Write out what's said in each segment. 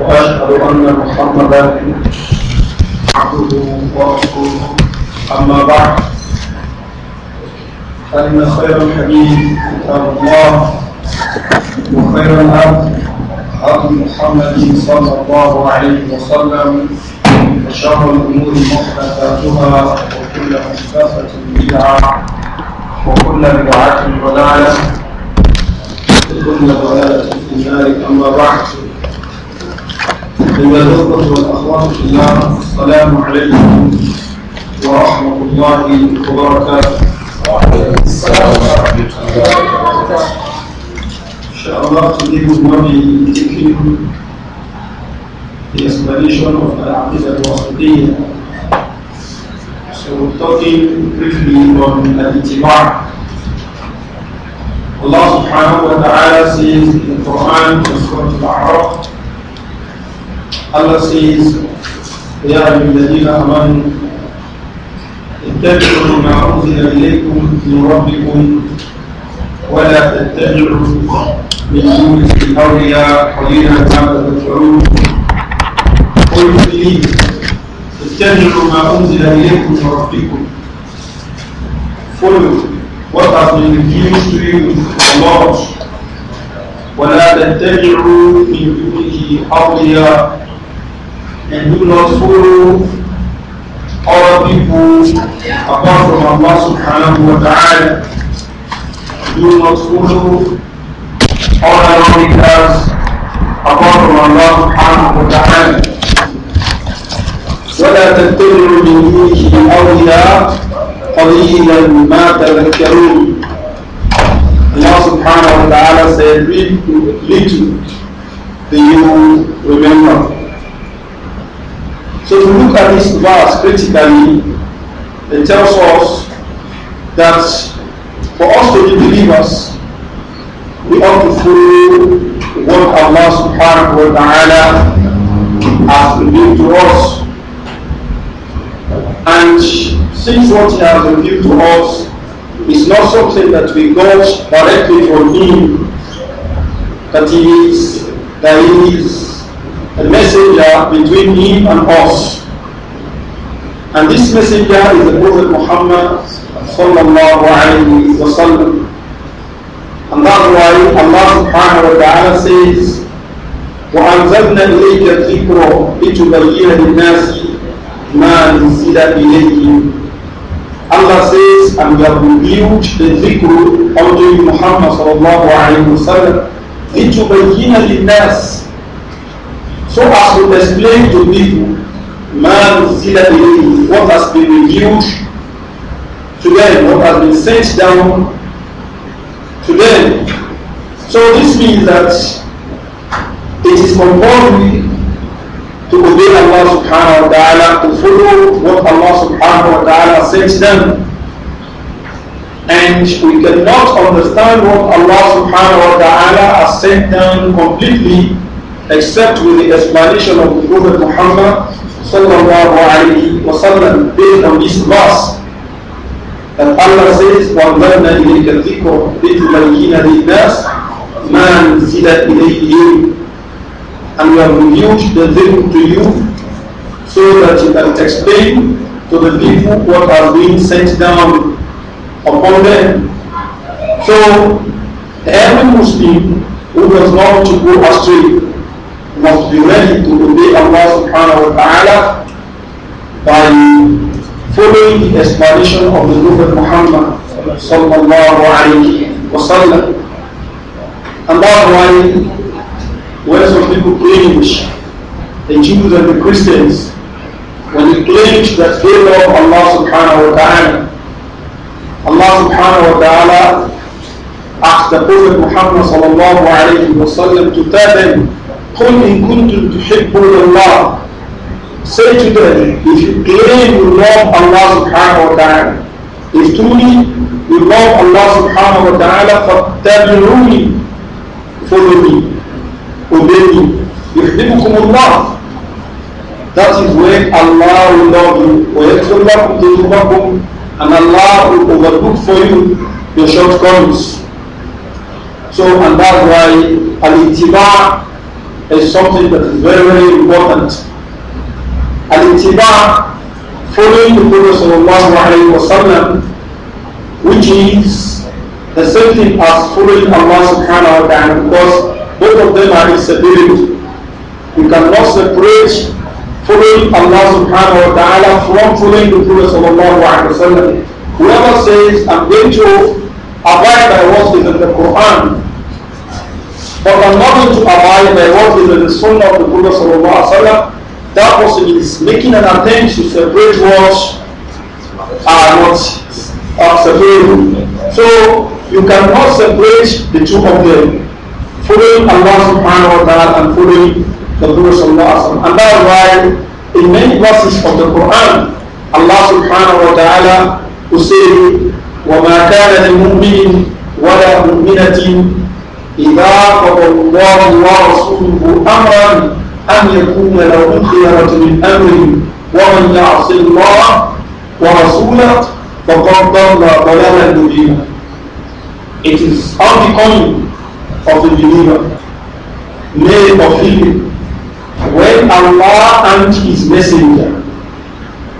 وأشهد أن محمدا عبده ورسوله أما بعد فإن خير الحديث كتاب الله وخير الأرض أرض محمد صلى الله عليه وسلم وشر الأمور محدثاتها وكل محدثة بدعة وكل بدعة ضلالة وكل ضلالة في النار أما بعد أيها الأخوة والأخوات في الله السلام عليكم ورحمة الله وبركاته السلام ورحمة الله وبركاته إن شاء الله today we will be taking the explanation of Al-Aqidah al-Wasidiyya So we're talking briefly on Al-Itibar Allah subhanahu wa ta'ala says in the Quran in Surah Al-A'raf Allah says, يا أيها الذين آمنوا اتبعوا ما أنزل إليكم من ربكم ولا تتبعوا من دونه أولياء قليلا ما تتبعون قل believe اتبعوا ما أنزل إليكم من ربكم follow what has been revealed to you from the ولا تتبعوا من دونه أولياء and do not follow other people apart from Allah subhanahu wa ta'ala. Do not follow other religions apart from Allah subhanahu wa ta'ala. ولا تتبعوا من دونه أولياء قليلا ما تذكرون الله سبحانه وتعالى ta'ala said, little do you remember. So if look at this verse critically, it tells us that for us to be believers, we ought to follow what Allah subhanahu wa ta'ala has revealed to us. And since what He has revealed to us is not something that we got directly from Him, that He is, that He is a messenger between him and us. And this messenger is the Prophet Muhammad sallallahu alayhi wa sallam. And that's why Allah subhanahu wa ta'ala says, وأنزلنا إليك الذكر لتبين للناس ما نزل إليهم Allah says, and we have revealed the dhikr unto Muhammad sallallahu alayhi wa sallam لتبين للناس so as to explain to people man is what has been revealed to them, what has been sent down to them. So this means that it is compulsory to obey Allah subhanahu wa ta'ala, to follow what Allah subhanahu wa ta'ala sent them. And we cannot understand what Allah subhanahu wa ta'ala has sent them completely except with the explanation of the Prophet Muhammad sallallahu alayhi wa sallam based on this verse that Allah says وَأَنْزَلْنَا إِلَيْكَ الذِّكْرَ لِتُبَيِّنَ لِلنَّاسِ مَا نُزِلَ إِلَيْهِمْ And we have revealed the dhikr to you so that you can explain to the people what has been sent down upon them. So every Muslim who does not to go astray must be ready to obey Allah subhanahu wa ta'ala by following the explanation of the Prophet Muhammad sallallahu alayhi wa sallam. And that's why when some people claimed, the Jews and the Christians, when they claim that they love Allah subhanahu wa ta'ala, Allah subhanahu wa ta'ala asked the Prophet Muhammad sallallahu alayhi wa sallam to tell them قل إن كنتم تحبون الله Say to them, if you claim you love Allah subhanahu wa ta'ala, if truly you love Allah subhanahu wa ta'ala, فَاتَّبِعُونِ Follow me, obey me, يُحْبِبُكُمُ اللَّهُ That is where Allah will love you. وَيَكْفِرْ لَكُمْ ذُنُوبَكُمْ And Allah will overlook for you your shortcomings. So, and that's why al-ittiba' is something that is very, very important. And ittiba, following the Prophet sallallahu Alaihi Wasallam, which is the same thing as following Allah subhanahu wa ta'ala, because both of them are inseparable. we cannot separate following Allah subhanahu wa ta'ala from following the Prophet sallallahu Alaihi Wasallam. Whoever says, I'm going to abide by what is in the Quran, but I'm not going to abide by what is in the Sunnah of the Prophet That person is making an attempt to separate what are not are separable. So you cannot separate the two of them. Following Allah subhanahu wa ta'ala and following the Prophet Sallallahu And that's why in many verses of the Quran, Allah subhanahu wa ta'ala will say, وَمَا كَانَ لِمُؤْمِنٍ وَلَا مُؤْمِنَةٍ إذا قضى الله ورسوله أمرا أن يكون له الخيرة من أمره ومن يعص الله ورسوله فقد ضل ضلالا مبينا It is unbecoming of the believer, male or female, when Allah and His Messenger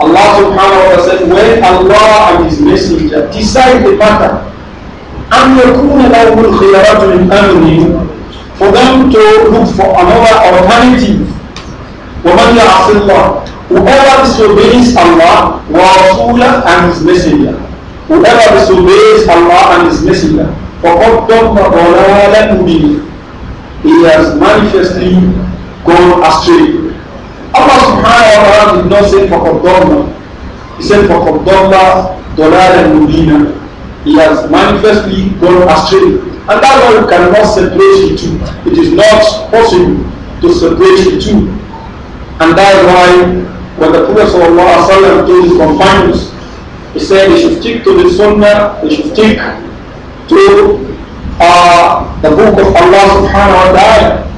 Allah subhanahu wa ta'ala said, when Allah and His Messenger decide the matter, أن يكون لهم الخيارات من أمره for them to look for another alternative Wa ومن يعص الله whoever disobeys Allah wa ورسوله and his messenger whoever disobeys Allah and his messenger فقد ضل ضلالا مبينا he has manifestly gone astray Allah subhanahu wa ta'ala did not say فقد ضل he said فقد ضل ضلالا مبينا he has manifestly gone astray. And that's why we cannot separate the two. It is not possible to separate the two. And that's why when the Prophet Wasallam told his companions, he said they should stick to the Sunnah, they should stick to uh, the book of Allah subhanahu wa ta'ala.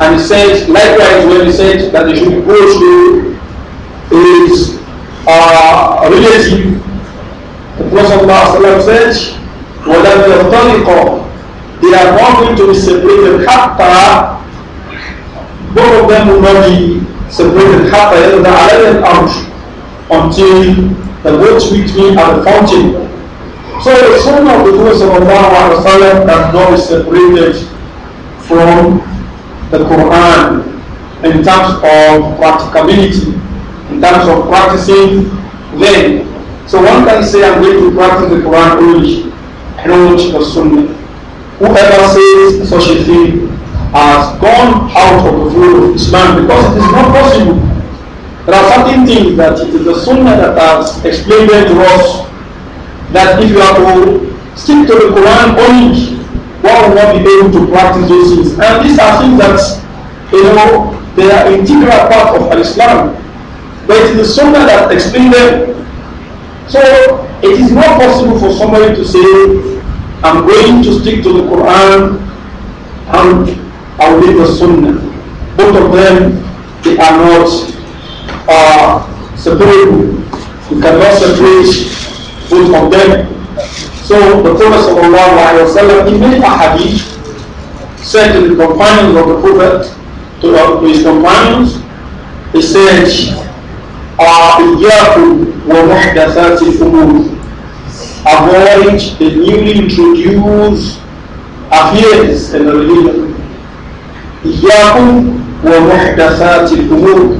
And he said likewise when he said that they should go to his uh, relative the Allah said, وَلَمْ يَفْتَرِقَ They are not going to be separated حتى both of them will not be separated حتى يَرْضَ عَلَيْهِ الْأَرْضِ until the both meet me at the fountain. So the son of the Prophet does not be separated from the Quran in terms of practicability, in terms of practicing then so one can say, I'm going to practice the Quran only, and not the Sunnah. Whoever says such a thing has gone out of the fold of Islam because it is not possible. There are certain things that it is the Sunnah that has explained to us that if you are to stick to the Quran only, one will not be able to practice those things. And these are things that, you know, they are integral part of Islam. But it is the Sunnah that explained them so it is not possible for somebody to say, I'm going to stick to the Quran and I'll leave the Sunnah. Both of them, they are not uh, separable. You cannot separate both of them. So the Prophet وسلم, in many ahadith said to the companions of the Prophet, to, uh, to his companions, he said, وإياكم ومحدثات الأمور avoid the newly introduced affairs in the religion إياكم ومحدثات الأمور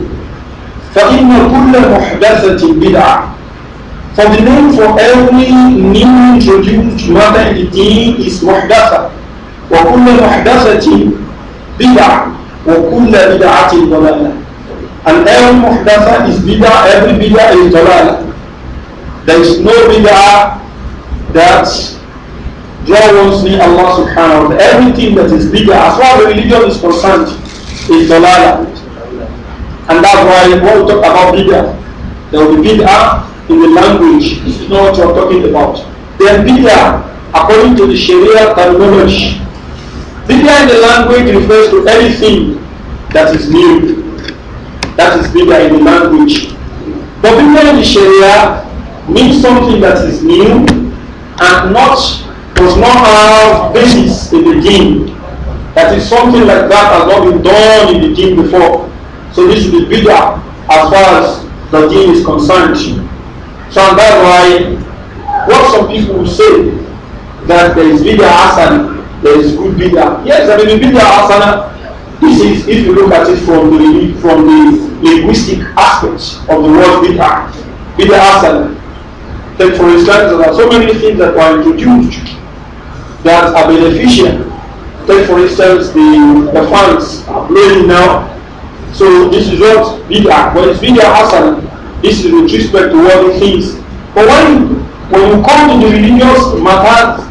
فإن كل محدثة بدعة For the name for every new introduced matter in the deen is محدثة وكل محدثة بدعة وكل بدعة ضلالة And every muhdasa is bid'ah, every bid'ah is dalala. There is no bid'ah that me Allah subhanahu wa ta'ala. Everything that is bid'ah, as far as religion is concerned, is dalala. And that's why when we talk about bid'ah, there will be bid'ah in the language. This is not what you're talking about. Then bid'ah, according to the Sharia terminology, bid'ah in the language refers to anything that is new. That is bigger in the language. But people in the Sharia means something that is new and not does not have basis in the deen. That is something like that has not been done in the deen before. So this is bigger as far as the deen is concerned. So and that's why what some people will say that there is bigger asana, there is good bigger. Yes, I mean bigger asana this is, if you look at it from the from the linguistic aspect of the word bid'ah, bid'ah salam. Take for instance, there are so many things that are introduced that are beneficial. Take for instance, the the fans are blowing now. So this is what bid'ah. When it's bid'ah salam, this is with respect to what things. But when when you come to the religious matters,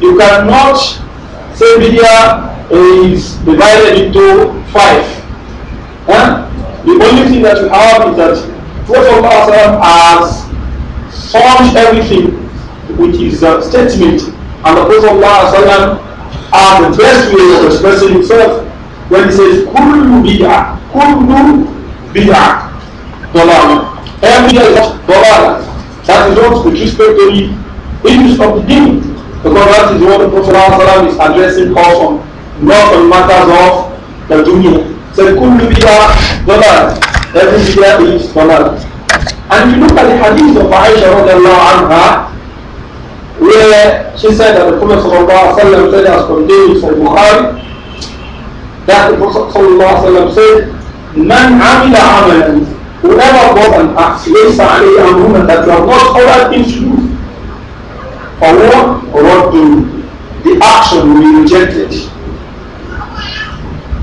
you cannot say bid'ah is divided into five. Huh? The only thing that you have is that Prophet has formed everything which is a statement, and the Prophet has the best way of expressing himself when he says, Kullu bid'ah, Kullu bid'ah, dolala. Every day is dolala. That is not with respect to the issues of the deen, because that is what the Prophet is addressing us on. not on matters of the dunya. So kullu bid'ah dalal. Every bid'ah is dalal. And if you look at the hadith of Aisha radiallahu anha, where she said that the Prophet sallallahu alayhi wa said as contained from Bukhari, that the Prophet sallallahu alayhi wa said, Man amila amalan, whoever bought an axe, laysa alayhi amruna, that you have not him to do, for what what do, the action will be rejected.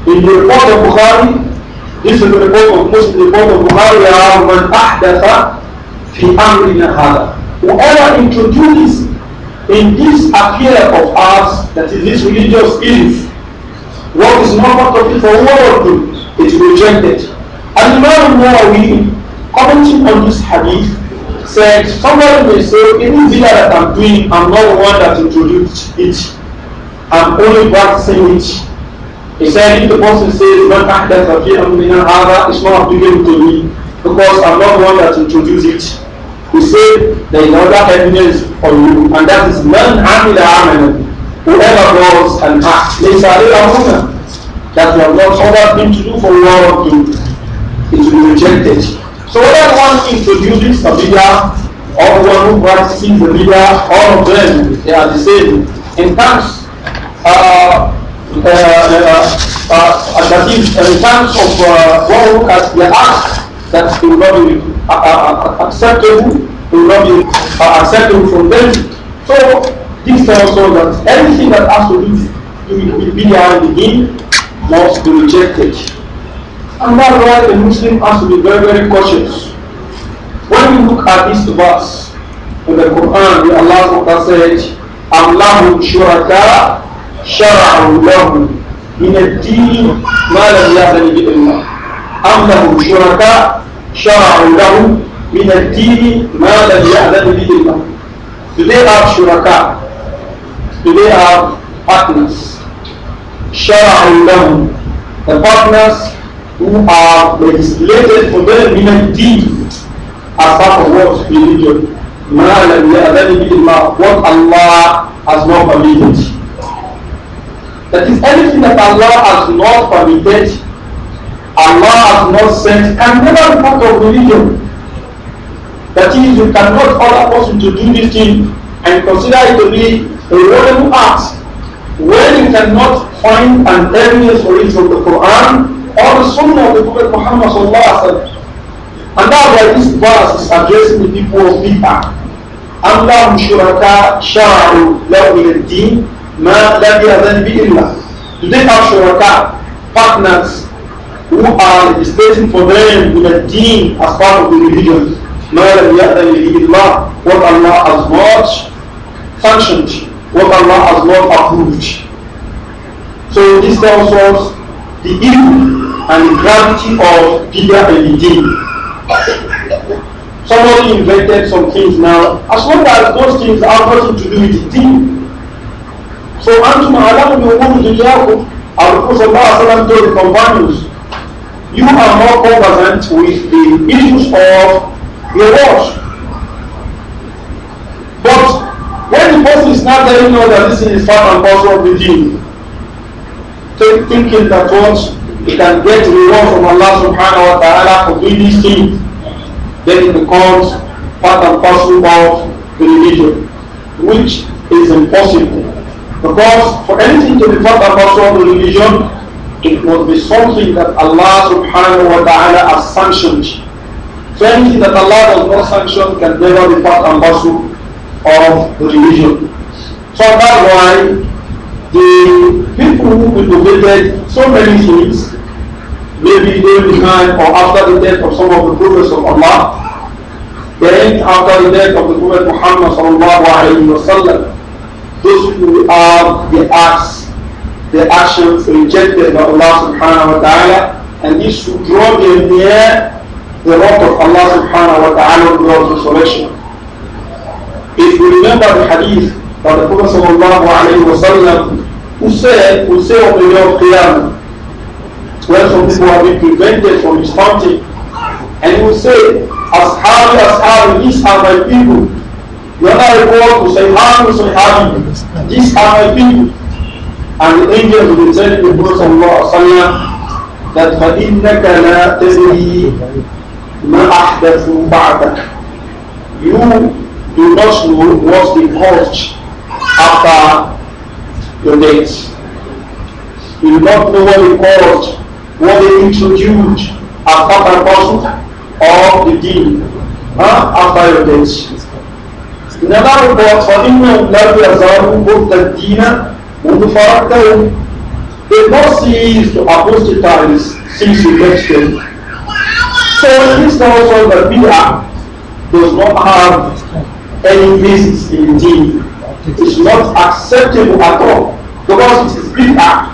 In the report of Bukhari, this is the report of Muslim report of Bukhari, man ahdatha fi amrina hada. Whoever introduces in this affair of ours, that is this religious belief, what is not part of it for all of you, it is rejected. And Imam Nawawi, commenting on this hadith, said, somebody may say, any zila that I'm doing, I'm not the one that introduced it. I'm only practicing it He said, if the person says, Man ahdatha fi amrina hadha, it's not applicable to me because I'm not the one that introduced it. He said, there is other evidence for you, and that is man amila amalan. Whoever does an act, laysa alayhi that you have not ordered him to do for one of you, it will be rejected. So whether one introduces a leader or one who practices the leader, all of them, they are the same. In terms, uh, Uh, uh, uh, that is, in terms of uh, what we look at the act that will not be acceptable, will not be acceptable from them. So this tells us that anything that has to do with media and the deen must be rejected. And that's why the Muslim has to be very, very cautious. When we look at this verse in the Quran, Allah said, "Allah shuraka شرعوا لهم من الدين ما لم يأذن بإلما الله أم لهم شركاء شرعوا لهم من الدين ما لم يأذن بإلما Do they have شركاء? Do they have partners? شرعوا لهم The partners who are legislated for them من الدين as part of what religion ما لم يأذن بإلما what Allah has not permitted That is anything that Allah has not permitted, Allah has not sent, can never be part of religion. That is, you cannot order a person to do this thing and consider it to be a rewardable act. When you cannot find an evidence for it from the Quran or the Sunnah of the Prophet Muhammad sallallahu And that's why this verse is addressing the people of Bid'ah. أَمْ لَهُمْ شُرَكَاءَ شَرَعُوا لَهُ مِنَ ما لم يأذن به إلا Do they have shuraka, partners, who are legislating for them with a deen as part of the religion? ما لم يأذن به إلا What Allah has not sanctioned, what Allah has not approved. So this tells us the evil and the gravity of Bidya and the Somebody invented some things now. As long as those things have nothing to do with the deen, so Antum Alamu Yumuru Dunyaku, our Prophet told the companions, you are more conversant with the issues of the world. But when the person is not telling you that this is part and parcel of the deen, thinking that once he can get reward from Allah subhanahu wa ta'ala for doing these things, then it becomes part and parcel of the religion, which is impossible. Because for anything to be thought about someone's religion, it must be something that Allah subhanahu wa ta'ala has sanctioned. So anything that Allah does not sanction can never be part and parcel of the religion. So that's why the people who innovated so many things, maybe they behind or after the death of some of the prophets of Allah, then after the death of the Prophet Muhammad sallallahu alayhi wa sallam, those who have the acts, the actions rejected by Allah subhanahu wa ta'ala, and this should draw them near the rock of Allah subhanahu wa ta'ala towards resurrection. If you remember the hadith by the Prophet sallallahu alayhi wa sallam, who said, who said on the day of Qiyamah, where some people have been prevented from responding, and he will say, Ashabi, Ashabi, these are my people, The other report to say, How will say, How These are my people. And the angel will tell the Prophet of Allah that فَإِنَّكَ لَا تَدْرِي مَا أَحْدَثُ بَعْدَكَ You do not know what the cause after your death. You do not know what they caused, what they introduced after the person or the deed huh? after your death. إنما هو فإنهم لا يزالوا مرتدين ومفارقتهم They not cease to apostatize since you left them. So this tells us that Bid'ah does not have any basis in deen. is not acceptable at all because it is Bid'ah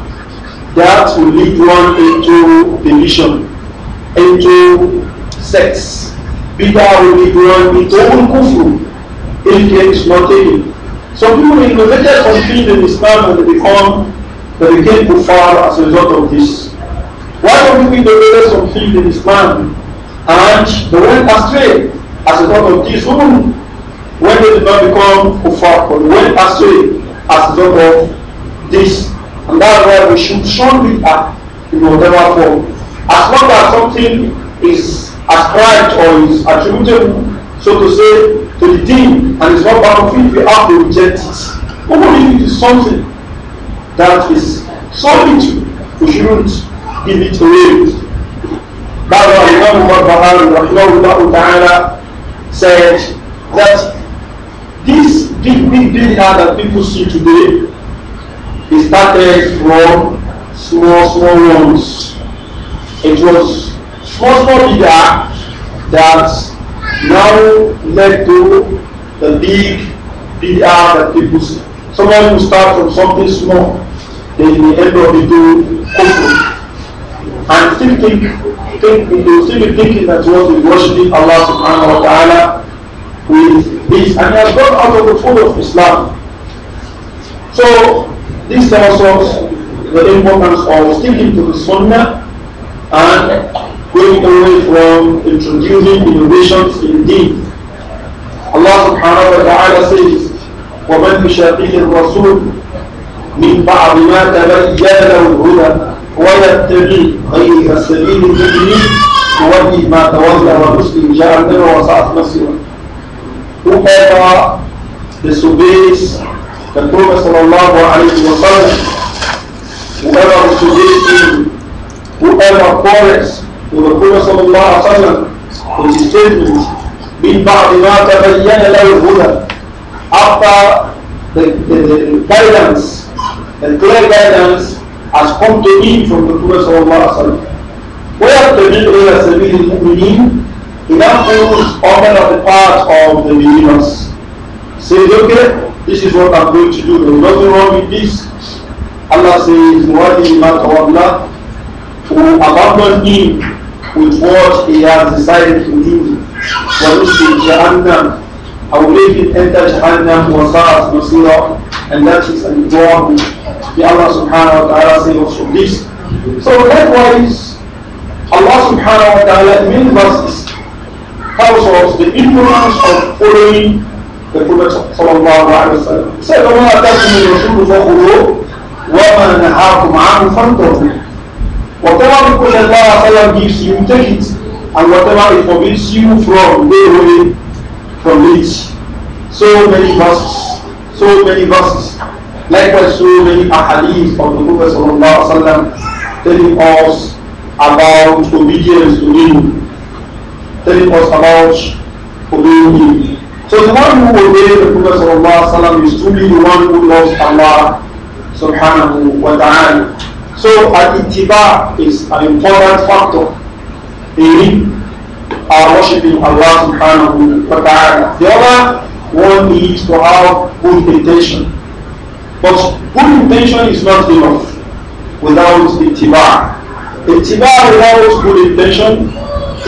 that will lead one into division, into sex. Bid'ah will lead one into kufru healthcare is not taken. Some people innovated on faith in Islam and they become they became kuffar as a result of this. Why don't we innovated some faith in Islam and they went astray as a result of this woman when they did not become kuffar but went astray as a result of this. And that's why we should strongly act in whatever form. As long as something is ascribed or is attributed, so to say, to the deen and it's not part of it, we have to reject it. Even if it is something that is solid, we shouldn't give it away. That's why Imam Al-Bahari ta'ala said that this big, big data that people see today is started from small, small ones. It was small, small data that now led to the big PR that people see. Someone who starts from something small, they may end up into kufr. And still think, think they will still be thinking that what is worshiping Allah subhanahu wa ta'ala with this. And he has gone out of the fold of Islam. So this tells us the importance of sticking to the Sunnah and going away from introducing innovations in deen. Allah subhanahu wa ta'ala says, وَمَنْ بِشَاقِهِ الرَّسُولِ من بَعْضِ ما تبين له الهدى وَيَتَّقِي غير السَّبِيلِ المؤمنين نولي ما تولى ونسلم جهنم وساءت مصيرا Whoever disobeys the Prophet sallallahu alayhi wa sallam, whoever disobeys him, whoever quarrels to the Prophet sallallahu alaihi wasallam with his statement, "Min ba'dima tabayyana After the, the, the guidance, the clear guidance has come to him from the Prophet sallallahu alaihi wasallam. ويتبع إلى سبيل المؤمنين He now follows often of the path of the believers. Says, okay, this is what I'm going to do. There is nothing wrong with this. Allah says, Wadi Matawallah, who abandon him with what he has decided to leave. وَنُسْلِمْ جَهَنَّمْ I will make him enter Jahannam وَسَعَتْ مَصِيرًا And that is an example. The Allah subhanahu wa ta'ala save us from this. So likewise, Allah subhanahu wa ta'ala in many verses tells us the influence of following the Prophet sallallahu alayhi wa sallam. He said, وَمَا تَسْمِي رَسُولُ فَخُلُوا وَمَا نَحَاكُمْ عَنْهُ فَانْتَهُ Whatever the Prophet Allah gives you, take it. And whatever it forbids you from, go away from it. So many verses. So many verses. Likewise, so many ahadith of the Prophet Sallallahu telling us about obedience to him. Telling us about obeying him. So the one who obeys the Prophet Sallallahu is truly the one who loves Allah subhanahu wa ta'ala. So al-ittiba is an important factor in our worshipping Allah subhanahu wa ta'ala. The other one is to have good intention. But good intention is not enough without ittiba. Ittiba without good intention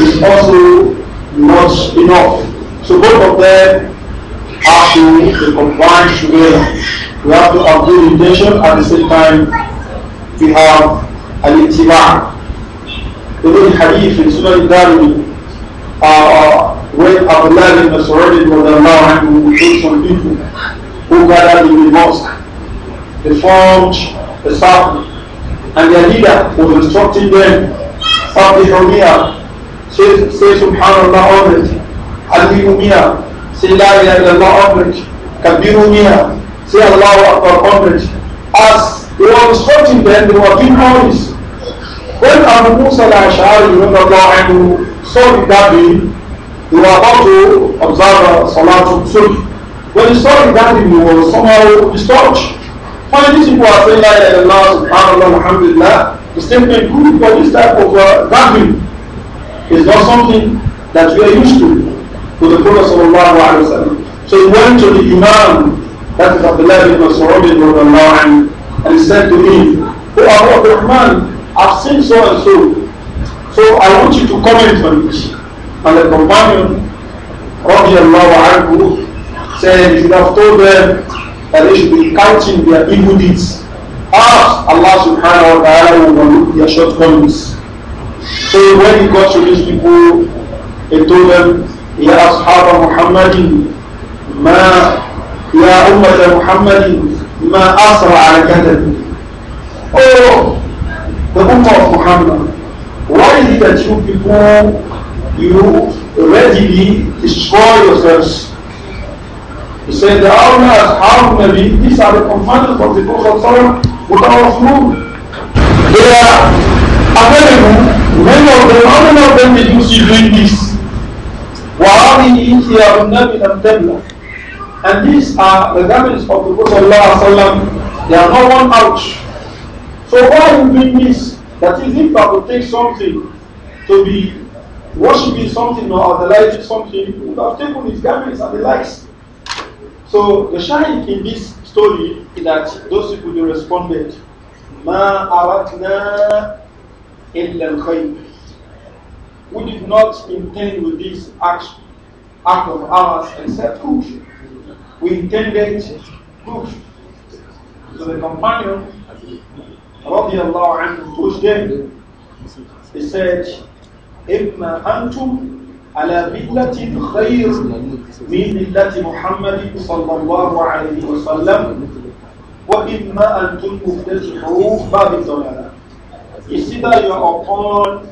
is also not enough. So both of them have to be combined together. We have to have good intention at the same time we have al-ittiba' the way hadith in Sunan al-Darimi uh, when Abdullah bin Mas'ud radiallahu anhu told some people who gathered in the mosque they formed a circle and their leader was instructing them Sabbihu miya say, say subhanallah already Hadihu miya say la ilaha illallah already Kabiru miya say Allahu Akbar already ask They were quoting them, they were being honest. When Abu Musa al-Ash'ari, anhu, saw the Gabi, they were about to observe uh, Salatul Sunnah. When he saw the Gabi, he was somehow disturbed. Finally, these people are saying, La ilaha illallah, subhanallah, alhamdulillah. The statement good, but this type of uh, gathering is not something that we are used to for the Prophet sallallahu alayhi wa sallam. So he went to the Imam, that is Abdullah ibn Mas'ud, and he said to me, Oh Abu Rahman, I've seen so and so. So I want you to comment on it. And the companion, Rabbi Allah said, You have told them that they should be counting their evil deeds. Ask Allah subhanahu wa ta'ala will overlook their shortcomings. So when he got to these people, he told them, يا أصحاب محمد ما يا أمة محمد ما أسرع كتبه Oh, the Ummah of Muhammad, why is it that you people, you readily destroy yourselves? He said, the Awliya, Ashab Nabi, these are the companions of the Prophet with our food. They are available, many of them, how many of them did you see doing this? وهذه هي النبي لم تبلغ And these are the garments of the Prophet ﷺ. They are not worn out. So why are you doing this? That is, if I would take something to be worshipping something or idolizing something, you would have taken his garments and the likes. So the shine in this story is that those people they responded, Ma awatna illa We did not intend with this act, act of ours except good. we intended proof. to the companion radiallahu anhu, pushed them he said إما أنتم على ملة خير من ملة محمد wa الله عليه وسلم وإما أنتم babi باب الضلالة It's that you are upon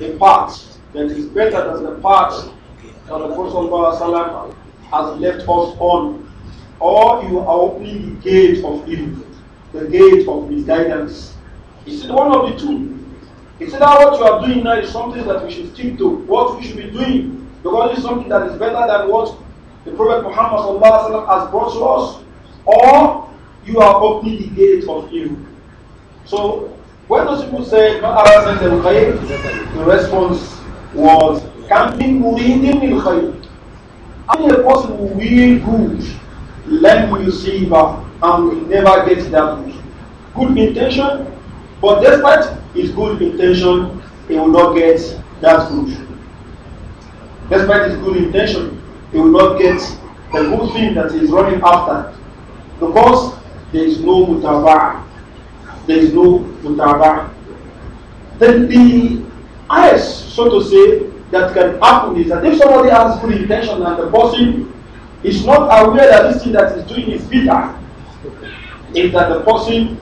a path that is better than the path that the Prophet has left us on, or you are opening the gate of evil, the gate of misguidance. He said one of the two. He said that what you are doing now is something that we should stick to, what we should be doing, because it's something that is better than what the Prophet Muhammad has brought to us, or you are opening the gate of evil. So when those people said, Allah the response was, be Muridin in Khayr. How a person will good, let me receive and will never get that Good intention, but despite his good intention, he will not get that good. Despite his good intention, he will not get the good thing that he is running after. Because there is no mutaba. There is no mutaba. Then the eyes, so to say, that can happen is that if somebody has good intention and the person is not aware that this thing that is doing is bitter, is that the person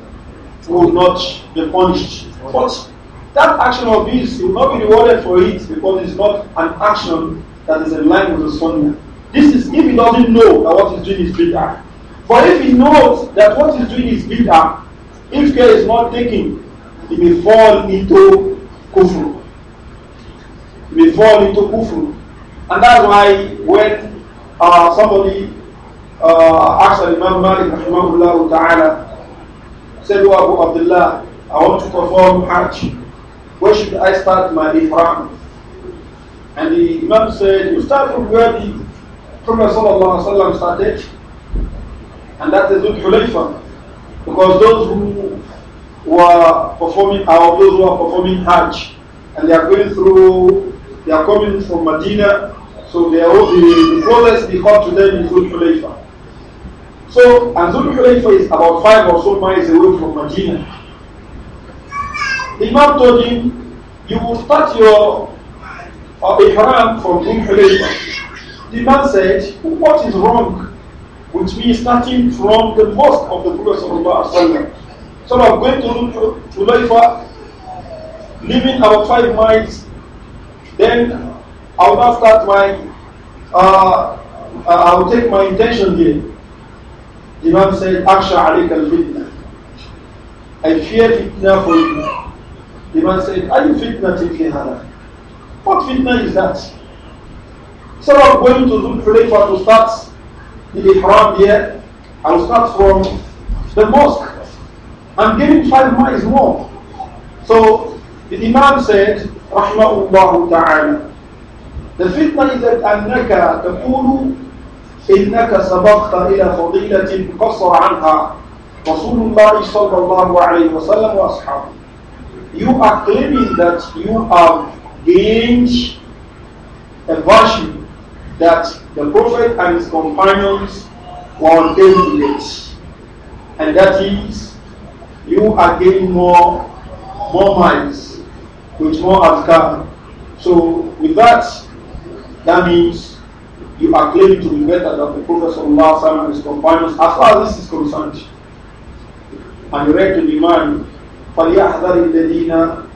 will not be punished. But that action of his will not be rewarded for it because it's not an action that is in line with the sunnah. This is if he doesn't know that what he's doing is bitter. But if he knows that what he's doing is bitter, if care is not taken, he may fall into kufr may fall into kufr. And that's why when uh, somebody uh, asked Imam Malik rahimahullah ta'ala, said, oh, Abu Abdullah, I want to perform Hajj. Where should I start my ihram? And the Imam said, you start from where the Prophet sallallahu alaihi wasallam started, and that is with Hulayfa. Because those who were performing, or those who are performing Hajj, and they are going through they are coming from Medina, so they are, the, the closest we have to them is Zul So, and Zul is about five or so miles away from Medina. The Imam told him, You will start your uh, Ihram from Zul The man said, What is wrong with me starting from the mosque of the Prophet? So I'm going to Zul living about five miles then I will not start my, uh, uh, I will take my intention here. The Imam said, Aksha alayka al-fitna. I fear fitna for you. The man said, Are you fitna fi hada? What fitna is that? So I am going to do prayer to start the Ihram here, I'll start from the mosque. I'm giving five miles more. So the Imam said, Rahmahullah Ta'ala, the fitna is that أنك تقول إنك سبقت ila فضيلة قصر anha. The الله صلى الله عليه وسلم وأصحابه. You are claiming that you have gained a virtue that the Prophet and his companions were unable to And that is, you are gaining more, more with more adhkar. So with that, that means you are claiming to be better than the Prophet Sallallahu and his companions as far as this is concerned. And you ready to the man, فَلْيَحْذَرِ الَّذِينَ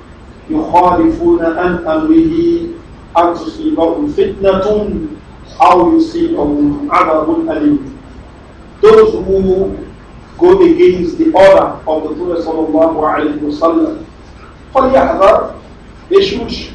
يُخَالِفُونَ أَنْ أَمْرِهِ أَنْ you فِتْنَةٌ أَوْ يُصِيبَهُمْ عَذَابٌ أَلِيمٌ Those who go against the order of the Prophet Sallallahu Alaihi Wasallam, فَلْيَحْذَرِ they should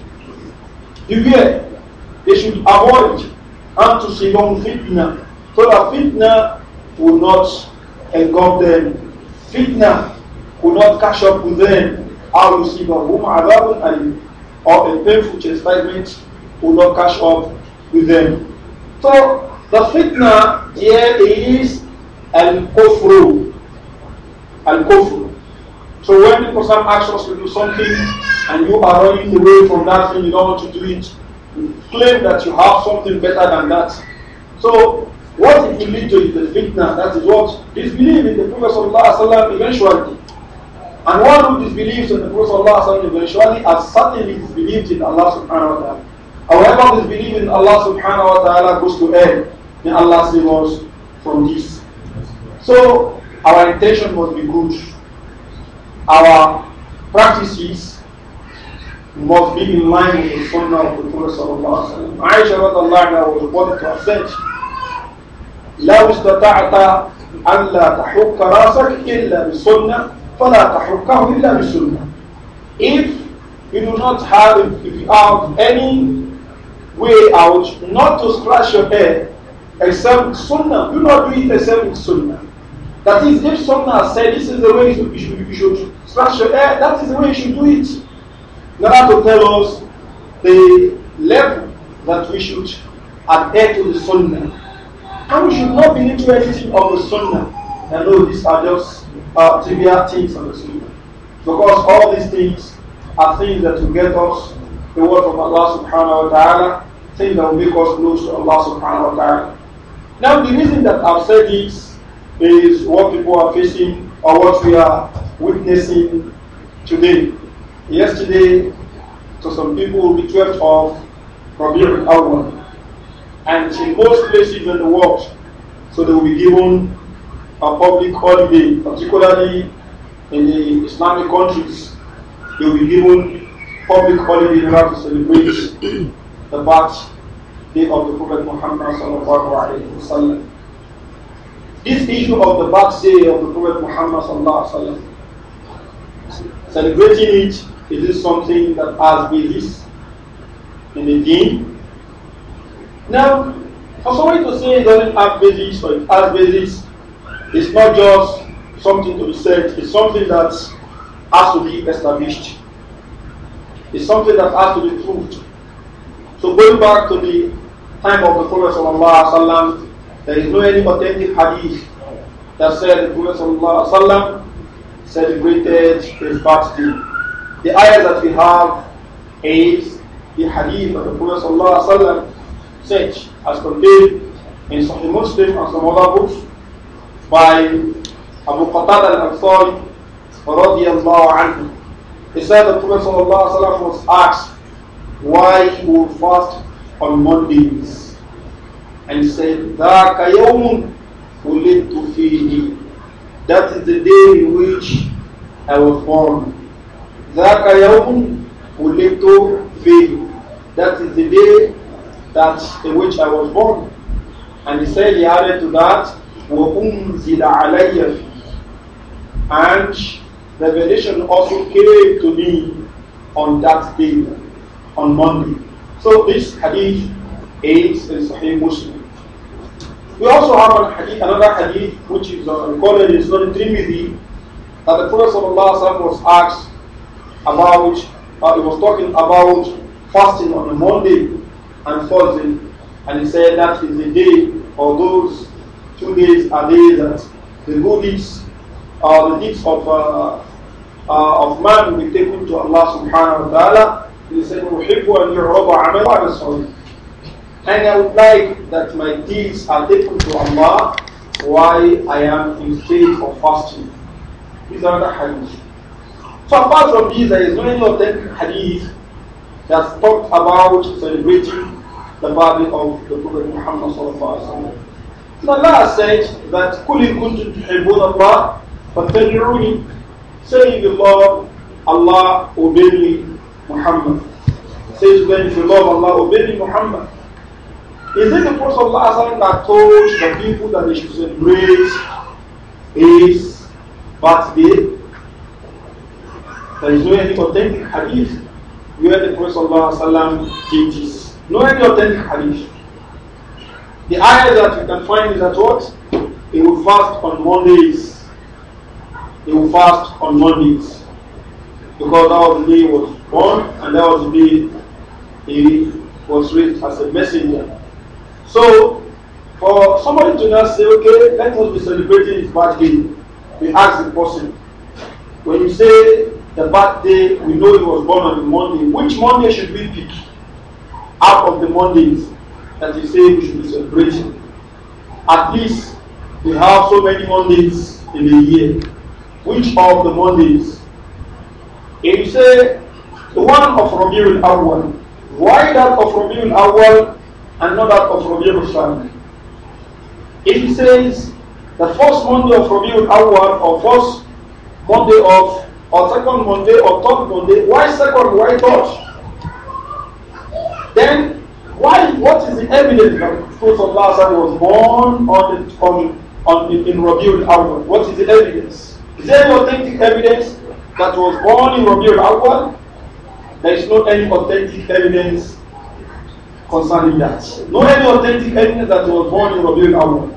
beware, they should avoid unto to fitna, so that fitna will not engulf them. Fitna will not catch up with them. I will see the whom and or a painful chastisement will not catch up with them. So the fitna here is al kufru, al kufru So when the person asks us to do something and you are running away from that thing, you don't want to do it, you claim that you have something better than that. So what it will lead to is the fitna, that is what disbelief in the Prophet ﷺ eventually. And one who disbelieves in the Prophet ﷺ eventually has certainly disbelieved in Allah subhanahu wa ta'ala. However, disbelief in Allah subhanahu wa ta'ala goes to hell. May Allah save us from this. So our intention must be good our practices must be in line with the Sunnah of the Prophet Sallallahu Alaihi Wasallam. Aisha radiallahu anha reported to have said, لو استطعت أن لا تحك رأسك إلا بسنة فلا تحكه إلا بسنة. If you do not have, if you have any way out not to scratch your head, except sunnah, do not do it except with sunnah. That is, if someone has said this is the way you should, you should your hair, that is the way you should do it. In order to tell us the level that we should adhere to the sunnah. And we should not believe to anything of the sunnah. And know these are just uh, trivial things of the sunnah. Because all these things are things that will get us the word of Allah subhanahu wa ta'ala, things that will make us close to Allah subhanahu wa ta'ala. Now, the reason that I've said this is what people are facing or what we are witnessing today. Yesterday, to some people, the 12th of Rabiul Awwal, and in most places in the world, so they will be given a public holiday, particularly in the Islamic countries, they will be given public holiday in order to celebrate the birth day of the Prophet Muhammad sallallahu alaihi wasallam. This issue of the birthday of the Prophet Muhammad sallallahu alaihi celebrating it is this something that has basis in the deen? Now, for somebody to say it doesn't have basis or it has basis, it's not just something to be said. It's something that has to be established. It's something that has to be proved. So going back to the time of the Prophet sallallahu alaihi wasallam, there is no any authentic hadith that said the Prophet ﷺ celebrated his day. The ayah that we have is the hadith of the Prophet ﷺ said as contained in Sahih Muslim and some other books by Abu Qatada al-Ansari He said the Prophet ﷺ was asked why he would fast on Mondays. And he said, That is the day in which I was born. That is the day that in which I was born. And he said, he added to that, وَأُنزِلَ عَلَيَّ And revelation also came to me on that day, on Monday. So this hadith is in Sahih Muslim. We also have hadith, another hadith which is uh, recorded in Sunan Trimidi that the Prophet was asked about, uh, he was talking about fasting on a Monday and Thursday, and he said that is the day or those two days are days that the good deeds, uh, the deeds of uh, uh, of man will be taken to Allah subhanahu wa ta'ala. He said, "Uhibbu an yu'raba amal wa and I would like that my deeds are taken to Allah why I am in state of fasting. These are the hadith. So apart from these, there is no any hadith that talks about celebrating the birthday of the Prophet Muhammad sallallahu So Allah said that كُلِ كُنْتُمْ تُحِبُّونَ اللَّهِ فَاتَّبِعُونِي Say the love Allah, obey me, Muhammad. Say to them, if you love Allah, obey me, Muhammad. Is it the Prophet Allah that told the people that they should celebrate his birthday? There is no any authentic hadith where the Prophet Allah did this. No any authentic hadith. The ayah that you can find is that what? He will fast on Mondays. He will fast on Mondays. Because that was the day he was born and that was the day he was raised as a messenger. So, for somebody to now say, okay, let us be celebrating his birthday, we ask the person. When you say the birthday, we know he was born on the Monday, which Monday should we pick out of the Mondays that you say we should be celebrating? At least we have so many Mondays in a year. Which of the Mondays? If you say the one of Rabiul Awal, why that of Rabiul Awal and not that of al family. If he says the first Monday of Rabiul Awwal or first Monday of or second Monday or third Monday, why second, why third? Then why what is the evidence that the Prophet was born on the, on, on in, in Rabiul Awwal? What is the evidence? Is there any authentic evidence that was born in Rabiul Awwal? There is no any authentic evidence concerning that. No any authentic evidence that he was born in Rabiul Awwal.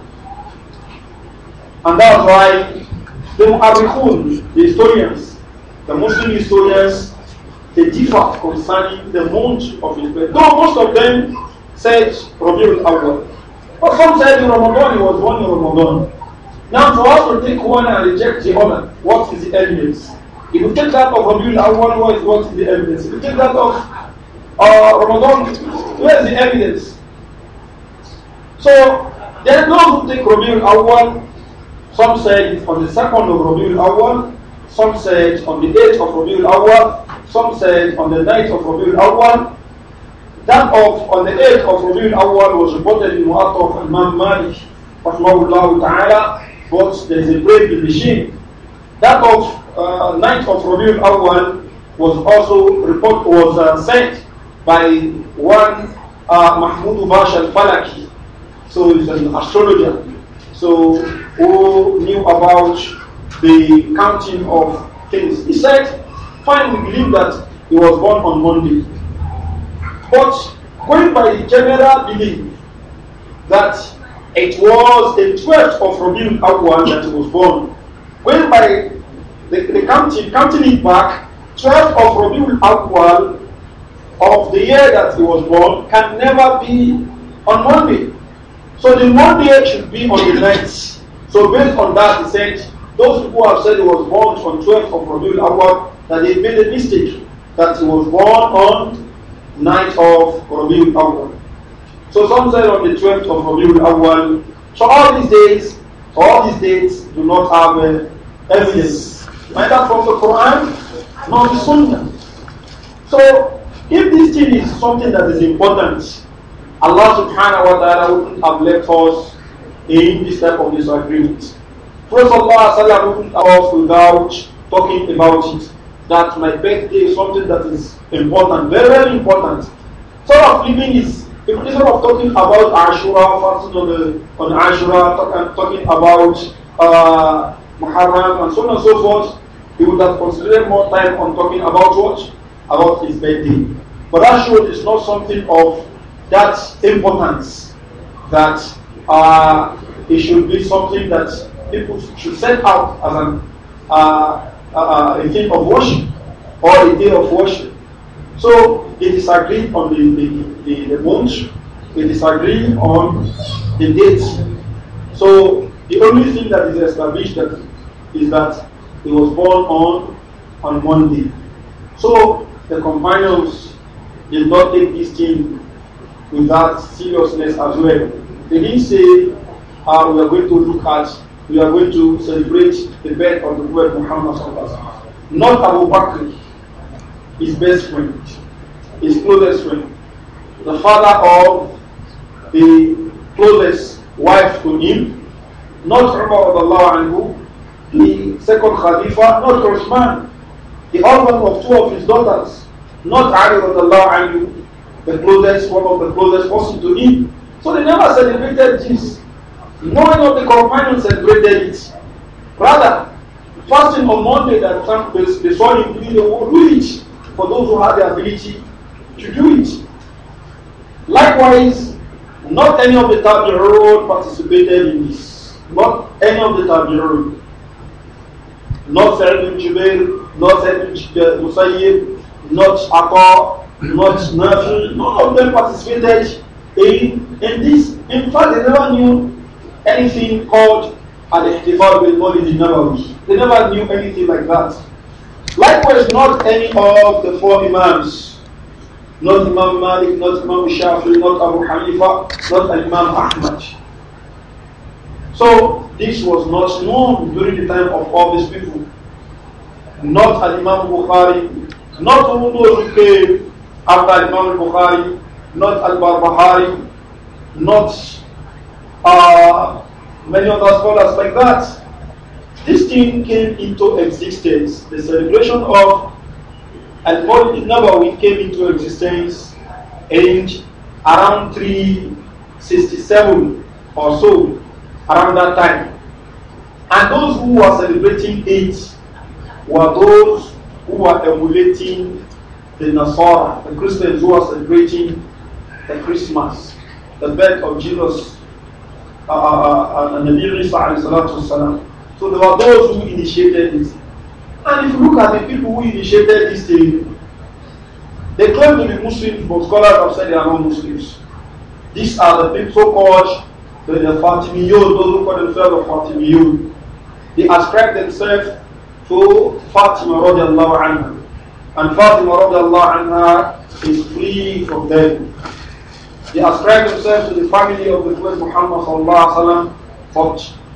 And that's why the Mu'arrikhun, the historians, the Muslim historians, they differ concerning the month of his birth. Though most of them said Rabiul Awwal. But some said in Ramadan, he was born in Ramadan. Now for us to take one and reject the other, what is the evidence? If we take that of Rabiul Awwal, what is the evidence? If we take that of or uh, Ramadan. Where is the evidence? So there are those who take Rabiul Awwal. Some say it's on the second of Rabiul Awwal. Some say it's on the eighth of Rabiul Awwal. Some say it's on the ninth of Rabiul Awwal. That of on the eighth of Rabiul Awwal was reported in Mu'atta of Imam Malik, rahmahullah ta'ala. But there is a break in the sheen. That of uh, ninth of Rabiul Awwal was also report was uh, sent by one uh, Mahmoud Ubash al-Falaki, so he's an astrologer, so who knew about the counting of things. He said, fine, we believe that he was born on Monday. But going by the general belief that it was the 12th of Rabiul Awwal that he was born, going by the, the counting, counting it back, 12th of Rabiul Awwal of the year that he was born can never be on Monday. So the Monday should be on the ninth. So based on that, he said, those who have said he was born on 12th of Rabiul Awwal, that they made a mistake, that he was born on 9th of Rabiul Awwal. So some said on the 12th of Rabiul Awwal. So all these days, all these dates do not have uh, evidence, neither from the Quran nor the Sunnah. So if this thing is something that is important, Allah subhanahu wa ta'ala wouldn't have left us in this type of disagreement. Prophet Allah wouldn't have us without talking about it. That my birthday is something that is important, very, very important. Sort of living is instead of talking about Ashura, fasting on on Ashura, talk, uh, talking about uh, Muharram and so on and so forth, he would have considered more time on talking about what? about his birthday. But that show is not something of that importance that uh, it should be something that people should set out as an, uh, uh, a thing of worship or a day of worship. So they disagree on the, the, the, the month, they disagree on the date. So the only thing that is established that is that he was born on on Monday. So the companions did not take this thing with that seriousness as well. They didn't say, uh, we are going to look at, we are going to celebrate the birth of the Prophet Muhammad. Not Abu Bakr, his best friend, his closest friend, the father of the closest wife to him, not Umar, the second Khalifa, not Uthman, the husband of two of his daughters, not Ali anhu, the closest one of the closest person to him. So they never celebrated this. Knowing of the companions celebrated it. Rather, fasting on Monday that time they saw him doing, do it for those who had the ability to do it. Likewise, not any of the Tabi'un participated in this. Not any of the Tabi'un. Not Sa'id ibn Jubair, not Musayyib, not Akor, not Nafi, none of them participated in, in this. In fact, they never knew anything called an ihtifal bil Mawlid Nabawi. They never knew anything like that. Likewise, not any of the four Imams, not Imam Malik, not Imam Shafi, not Abu Hanifa, not Imam Ahmad. So, this was not known during the time of all these people not Al Imam Bukhari, not even those who Imam Bukhari, not Al Barbahari, not uh, many other scholars like that. This thing came into existence. The celebration of Al Maulid Nabawi came into existence in around 367 or so, around that time. And those who were celebrating it were those who were emulating the Nasara, the Christians who were celebrating the Christmas, the birth of Jesus uh, uh, uh, and the uh, and Nabi Salam. So there were those who initiated this. And if you look at the people who initiated this thing, they claim to be Muslims, but scholars have said they are not Muslims. These are the people so-called the, the Fatimiyun, those who call themselves the Fatimiyun. They ascribe themselves to Fatima radiallahu anha. And Fatima radiallahu anha is free from them. They ascribe themselves to the family of the Prophet Muhammad sallallahu alaihi wasallam,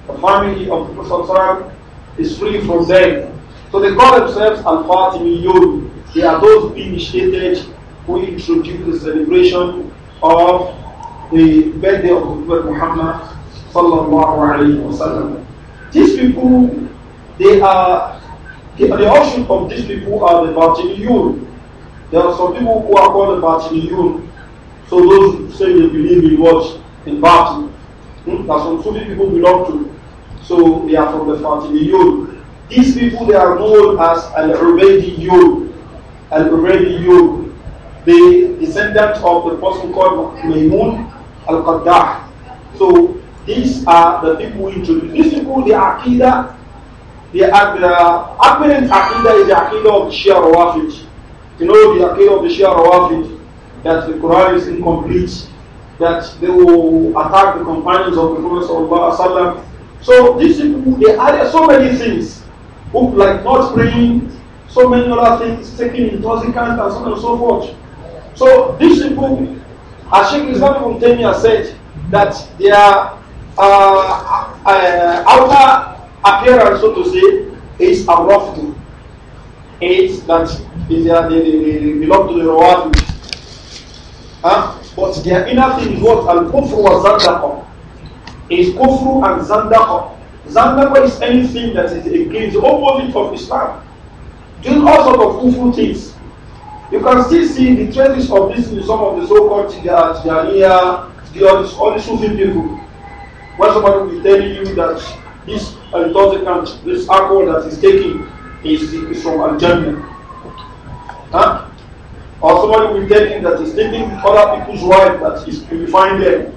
but the family of the Prophet sallallahu is free from them. So they call themselves Al-Fatimiyun. They are those who initiated who introduced the celebration of the birthday of the Prophet Muhammad sallallahu alaihi wasallam. These people they are, the, the of these people are the Batiniyun. There are some people who are called the Batiniyun. So those who say they believe in what? In Batin. Hmm? That's what many people belong to. So they are from the Batiniyun. These people, they are known as Al-Ubaidiyun. Al-Ubaidiyun. The descendant of the person called Maymun Al-Qaddah. So these are the people who introduce. These people, the Akida. The uh, apparent Aqidah is the Aqidah of the Shia Rawafid. You know the Aqidah of the Shia Rawafid that the Quran is incomplete, that they will attack the companions of the Prophet. So these people, they are so many things, like not praying, so many other things, taking intoxicants and so on and so forth. So these people, as Sheikh Islam Ibn Taymiyyah said, that their uh, uh, outer appearance, so to say, is a rough thing. It's that they, they, they, belong to the Rawafid. Huh? But their inner thing is what? Al Kufru was Zandaqa. Is Kufru and Zandaqa. Zandaqa is anything that is against the opposite of Islam. Doing all sorts of Kufru things. You can still see the traces of this in some of the so called Tijaniya, the, all these Sufi people. When somebody will be telling you that This I thought this alcohol that is taking is, is from Al Jannah. Huh? Or somebody will him that that is taking other people's wife that is purifying them,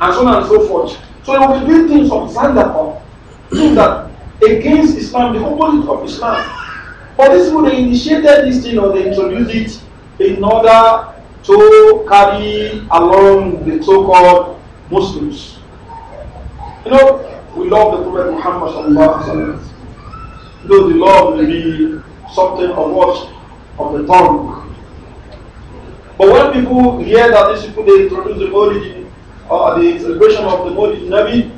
and so on and so forth. So they will be doing things from Zandaqa, things that against Islam, the opposite of Islam. But this people they initiated this thing or they introduced it in order to carry along the so-called Muslims. You know, we love the Prophet Muhammad sallallahu alaihi Though the love may be something of what of the tongue. But when people hear that these people they introduce the Maulid or uh, the celebration of the Maulid Nabi,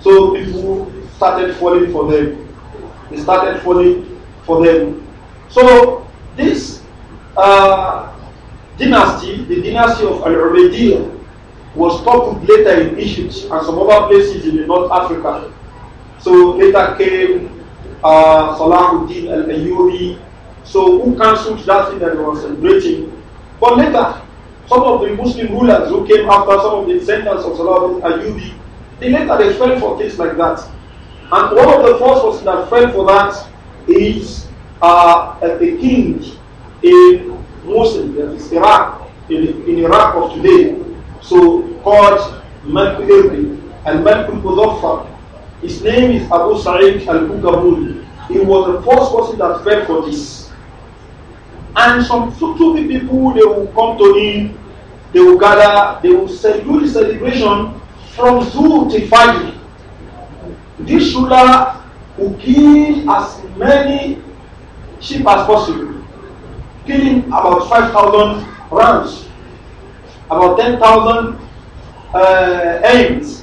so people started falling for them. They started falling for them. So this uh, dynasty, the dynasty of Al-Ubaidiyah, was toppled later in Egypt and some other places in North Africa. So later came uh, Salahuddin al Ayyubi. So who cancelled that thing that was celebrating? But later, some of the Muslim rulers who came after some of the descendants of Salah al Ayyubi, they later they fell for things like that. And one of the first ones that fell for that is uh, the king in Mosul, that is Iraq, in, in Iraq of today. So called Malkul and Malkul Muzaffar. His name is Abu Sa'id al-Bukabul. He was the first person that fell for this. And some stupid people, they will come to him, they will gather, they will do the celebration from Zul to Fajr. This ruler will kill as many sheep as possible, killing about 5,000 rams about 10,000 uh, aims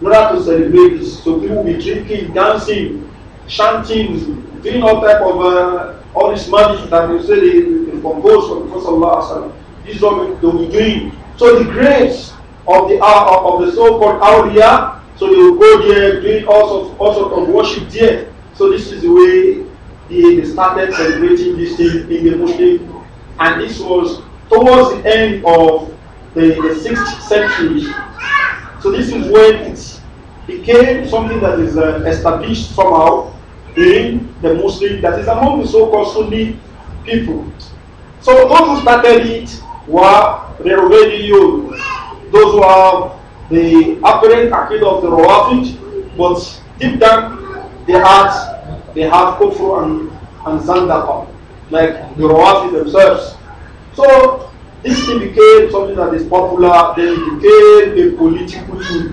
in order to celebrate this. So people will be drinking, dancing, chanting, doing all type of uh, all this magic that you say they, they compose from the Allah. This is what they will be doing. So the grace of the uh, of the so-called awliya, so they will go there doing all sorts, all sorts of worship there. So this is the way they, they started celebrating this thing in the Muslim, and this was towards the end of the, the sixth century. So this is when it became something that is uh, established somehow in the Muslim, that is among the so-called Sunni people. So those who started it were the Rubaidiyun, those who are the apparent akid of the Rawafid, but deep down they had they had Kufru and, and Zandaqa, like the Rawafid themselves. So this thing became something that is popular, then it became a political tool.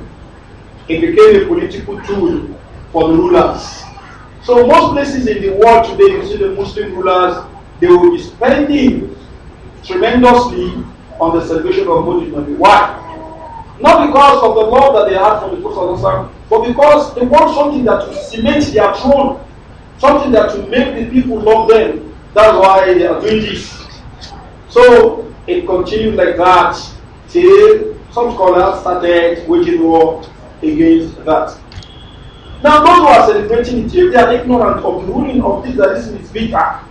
It became a political tool for the rulers. So most places in the world today, you see the Muslim rulers, they will be spending tremendously on the salvation of Muslims. Why? Not because of the love that they had for the Prophet, but because they want something that will cement their throne, something that will make the people love them. That's why they are doing this. So it continued like that till some scholars started waging war against that. Now, those who are celebrating it, if they are ignorant of the ruling of this, that this is bigger,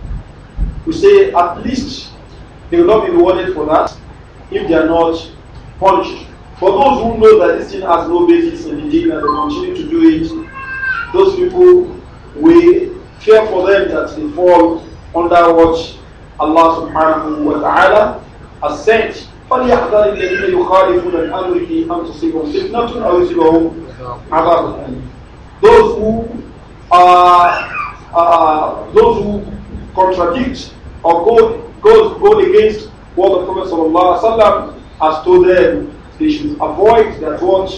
we say at least they will not be rewarded for that if they are not punished. For those who know that this thing has no basis in the deen and they continue to do it, those people, we fear for them that they fall under what Allah subhanahu wa ta'ala has said, فَلْيَحْذَرِ الَّذِينَ يُخَالِفُونَ الْأَمْرِ أَنْ تُصِيبَهُمْ فِتْنَةٌ أَوْ يُصِيبَهُمْ عَذَابٌ Those who uh, uh, those who contradict or go, go, go against what the Prophet ﷺ has told them, they should avoid that what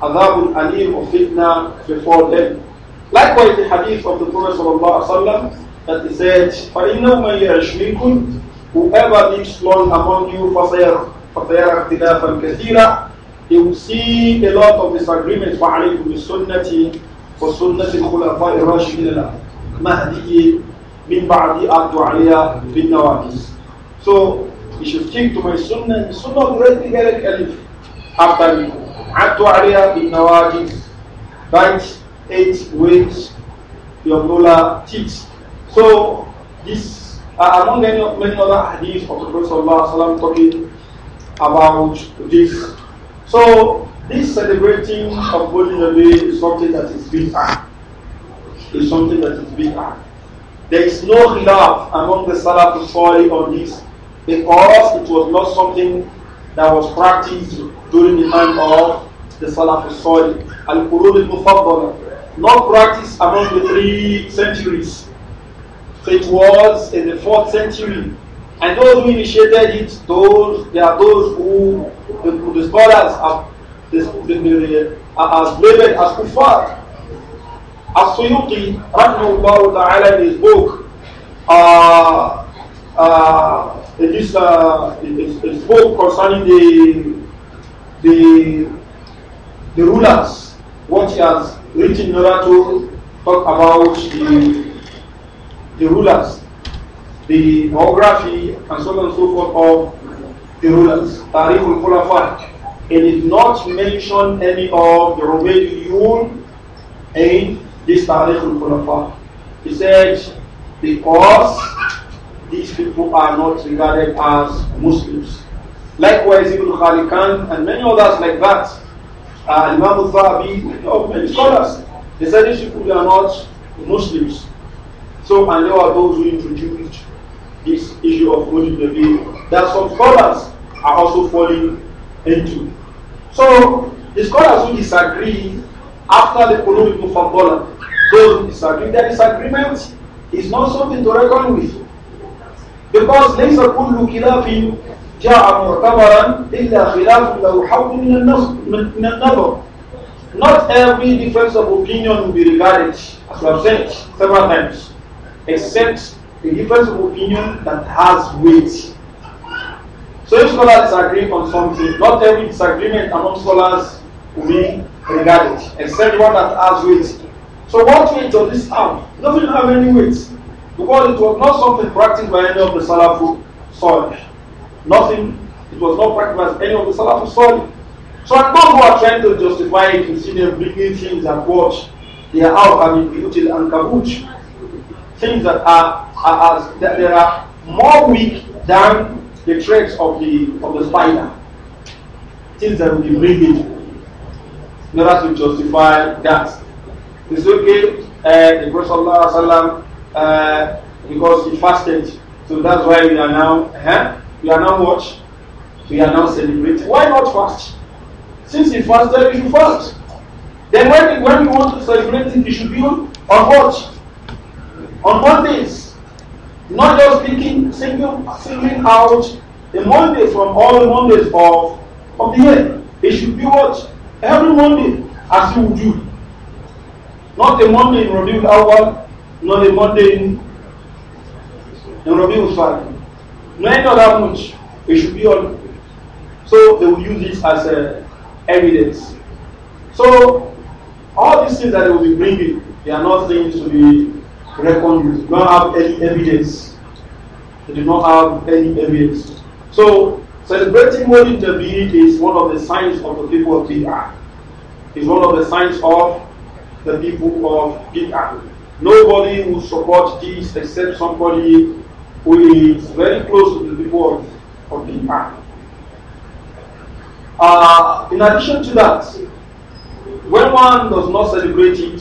Adabul Alim or Fitna before them. Likewise, the hadith of the Prophet ﷺ that he said, فَإِنَّهُ مَنْ يَعْشْ مِنْكُمْ Whoever lives long among you, فَسَيَرَ اخْتِلَافًا كَثِيرًا He will see a lot of disagreements. وَعَلَيْكُمْ بِسُنَّتِي وَسُنَّةِ الْخُلَفَاءِ الرَّاشِدِينَ مَهْدِيِّ مِنْ بَعْدِ أَدْوَ عَلَيْهَا بِالنَّوَاجِزِ So, you should stick to my sunnah. The sunnah already get an alif after me. أَدْوَ عَلَيْهَا eight, weight, your molar teeth. So, this uh, among many, many other hadiths of the Prophet talking about this. So, this celebrating of Holy Nabi is something that is bid'ah. It's something that is bid'ah. There is no love among the Salaf Salih on this because it was not something that was practiced during the time of the Salaf Salih. Al-Qurun al-Mufaddala. Not practiced among the three centuries so it was in the 4th century. And those who initiated it, those they are those who the, the scholars are the, the, the, uh, are, labeled as kuffar. As-Suyuti, rahmahullah ta'ala, in his book, uh, uh, in this uh, in book concerning the, the, the rulers, what he has written in order to talk about the the rulers, the geography, and so on and so forth of the rulers. Tariq al-Khulafa. It did not mention any of the Rubaidiyun in this Tariq al-Khulafa. He said, because these people are not regarded as Muslims. Likewise, Ibn Khalikan and many others like that, uh, Imam al-Zahabi, many scholars, they said these people are not Muslims. So, and there are those who introduced this issue of the bill that some scholars are also falling into. So, the scholars who disagree after the Qulub ibn Fadala, those who disagree, their disagreement is not something to reckon with. Because ليس كل خلاف جاء معتبرا إلا خلاف له حول من النظر. Not every difference of opinion will be regarded, as I've said several times except a difference of opinion that has weight. So if scholars disagree on something, not every disagreement among scholars will be regarded, except one that has weight. So what weight does this have? doesn't have any weight. Because it was not something practiced by any of the Salafu scholars. Nothing, it was not practiced by any of the Salafu scholars. So I know who are trying to justify it, you see them bringing things and what they are out having beauty and kabuch things that are, are, are that there are more weak than the threads of the of the spider. Things that will be rigid in order to justify that. It's okay, uh, the Prophet uh, because he fasted, so that's why we are now, here. Eh, we are now watch. We are now celebrating. Why not fast? Since he fasted, we should fast. Then when, when we want to celebrate it, it should be on what? on Mondays, not just picking, singling, singling out a Monday from all the Mondays of, of the year. It should be what? Every Monday, as you would do. Not a Monday in Rabiul Awal, not a Monday in, in Rabiul Fari. No not that much. It should be all. So they will use this as uh, evidence. So all these things that they will be bringing, they are not things to be reckon you don't have any evidence. You do not have any evidence. So celebrating wedding day is one of the signs of the people of Bid'ah. It's one of the signs of the people of Bid'ah. Nobody will support this except somebody who is very close to the people of, of Bid'ah. Uh, in addition to that, when one does not celebrate it,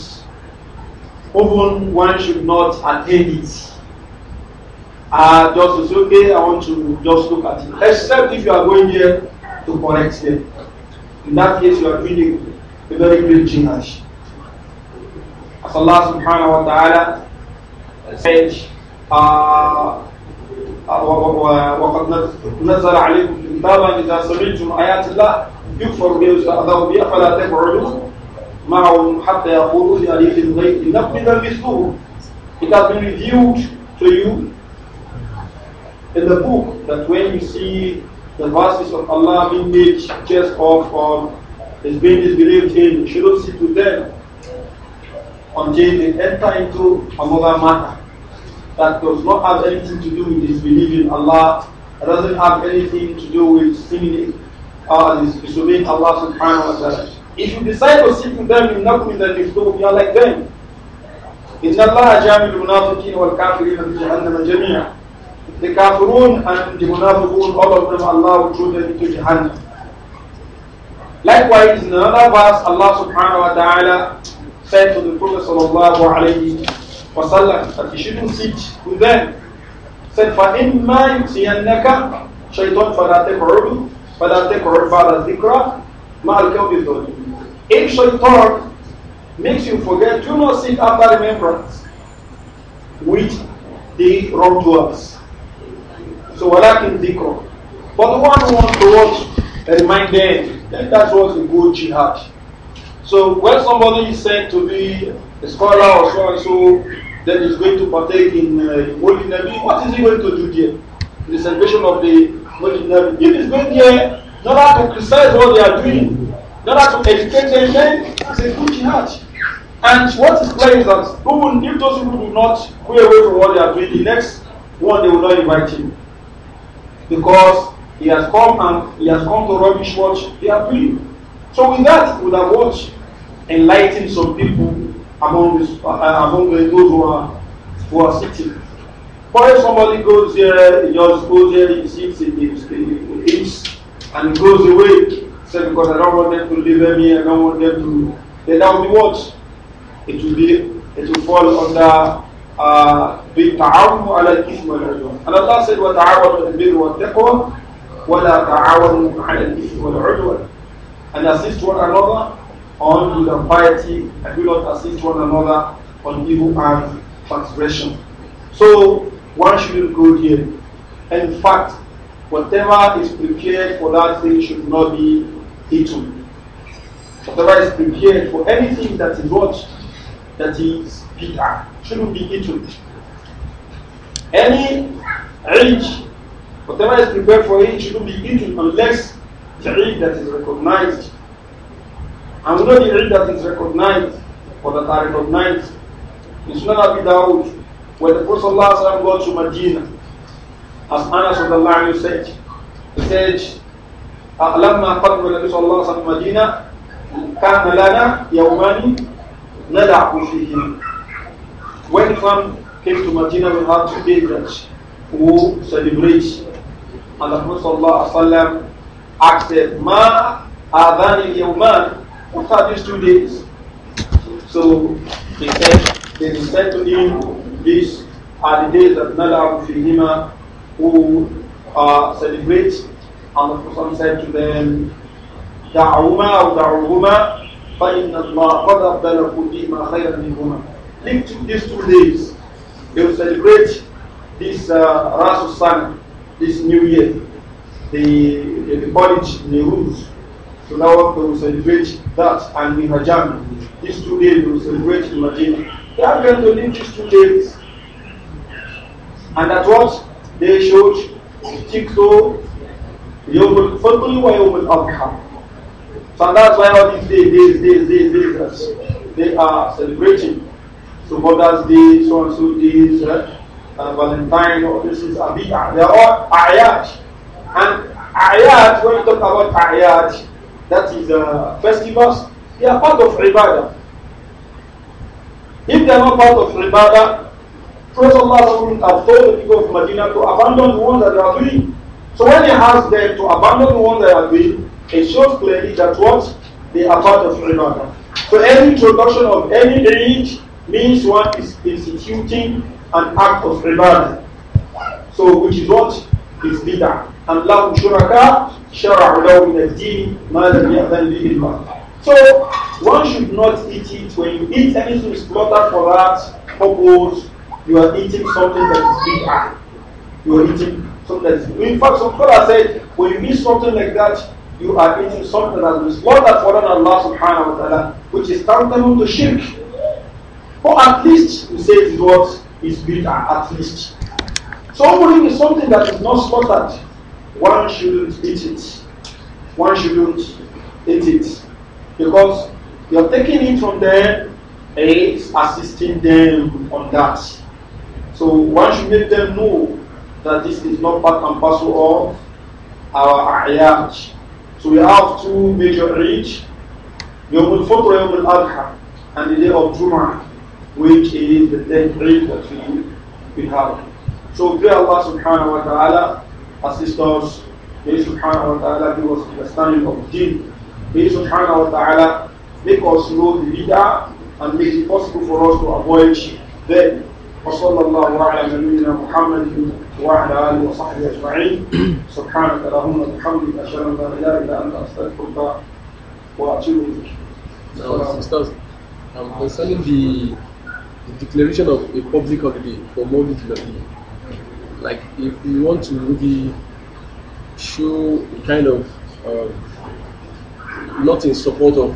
often one should not attend it. Uh, just to say, okay, I want to just look at it. Except if you are going there to correct them. In that case, you are doing a, very great jihad. As Allah subhanahu wa ta'ala said, uh, وقد نزل عليكم كتابا إذا سمعتم آيات الله يكفر به ويستهزأ به فلا تقعدوا معهم حتى يقولوا في حديث غير نقبل It has been revealed to you in the book that when you see the verses of Allah being made just of or is being disbelieved in, you shouldn't see to them until they enter into another matter that does not have anything to do with disbelieving Allah, It doesn't have anything to do with sinning or uh, disobeying Allah subhanahu wa ta'ala. If you decide to sit with them, you're not with them, if you are like them. إن الله جامع المنافقين والكافرين في جهنم جميعا. The kafirun and the munafiqun, all of them, Allah will throw them into Jahannam. Likewise, in another verse, Allah subhanahu wa ta'ala said to the Prophet sallallahu alayhi wa that he shouldn't sit with them. Said, فَإِمَّا يُؤْتِيَنَّكَ شَيْطَانٌ فَلَا تَقْعُدْ فَلَا تَقْعُدْ بَعْدَ الذِّكْرَى مَعَ الْكَوْمِ الظَّالِمِينَ Ancient thought makes you forget, do not seek a remembrance with the wrongdoers. So walakin dhikr. But the one who wants to watch, and remind them, then that's what's a good jihad. So when somebody is said to be a scholar or so and so, then he's going to partake in uh, Holy Nabi, what is he going to do there? The salvation of the Holy Nabi. If he's going there not order to criticize what they are doing, in order to educate them, then that's a good jihad. And what is clear is that even if those people do not go away from what they are doing, the next one they will not invite him. Because he has come and he has come to rubbish what they are doing. So with that, we would have enlighten enlightened some people among, this, uh, among those who are, who are sitting. But if somebody goes there, he just goes there, he sits, he, he, he eats, and he goes away, because I don't want them to leave me, I don't want them to. Then that would be what? It will be, it will fall under بالتعاون على الإثم والعدوان. And Allah said, وتعاونوا البر والتقوى ولا al على الإثم والعدوان. And assist one another on with piety and do not assist one another on evil and transgression. So one shouldn't go here. In fact, whatever is prepared for that thing should not be eaten. Whatever is prepared for anything that is what? That is bid'ah, shouldn't be eaten. Any age, whatever is prepared for it shouldn't be eaten unless the age that is recognized. And we know the age that is recognized, or that are recognized, in not Abi Dawud, when the Prophet ﷺ got to Medina, as Anas said, he said, لما قدم النبي صلى الله عليه وسلم المدينة كان لنا يومان ندع فيهم when Islam came to Medina we had two days that who celebrate and the Prophet صلى الله عليه وسلم asked them ما هذان اليومان what are these two days so they said they said to him these are the days that ندع فيهما who uh, celebrate قال الحسن سيدان دعوما أو دعوهما فإن الله قد أبدلكم بهما خيرا منهما Link to these two days. They will celebrate this uh, Ras Hassan, this new year. The, the, they call the Nehru's. So now we will celebrate that and Mihajan. These two days we will celebrate in Medina. They are going to link these two days. And at once they showed stick يوم الفطر ويوم الأضحى So that's why all these days, days, days, days, days, they are celebrating. So Mother's Day, so and so days, uh, Valentine, this is Abiyah. They are all ayat. And ayat, when you talk about ayat, that is uh, festivals, they are part of ibadah. If they are not part of ibadah, Prophet Allah would have told the people of Medina to abandon the ones that they are doing. So when he asked them to abandon one they have been, it shows clearly that what they are part of ibadah. So any introduction of any age means one is instituting an act of rebellion. So which is what is bid'ah. And lahu shuraka shara'u lahu min ad So one should not eat it. When you eat anything slaughtered for that purpose, you are eating something that is bid'ah. You are eating something that is. In fact, some scholars said when you eat something like that, you are eating something that is not that fallen Allah subhanahu wa ta'ala, which is tantamount to shirk. Or at least you say it is what is bitter. at least. So offering is something that is not slaughtered. One shouldn't eat it. One shouldn't eat it. Because you're taking it from them and assisting them on that. So one should make them know that this is not part and parcel of our ayat. So we have two major Eid, the al-Fitr Yom adha and the day of Jum'ah, which is the tenth Eid that we, we have. So pray Allah subhanahu wa ta'ala assist us. May subhanahu wa ta'ala give us understanding of deen. May subhanahu wa ta'ala make us know the leader and make it possible for us to avoid them. وصلى الله على نبينا محمد وعلى آله وصحبه أجمعين سبحانك اللهم وبحمدك أشهد أن لا إله إلا أنت أستغفرك وأتوب إليك um, concerning the, the declaration of a public holiday for Maulid Nabi, like if you want to really show a kind of um, not in support of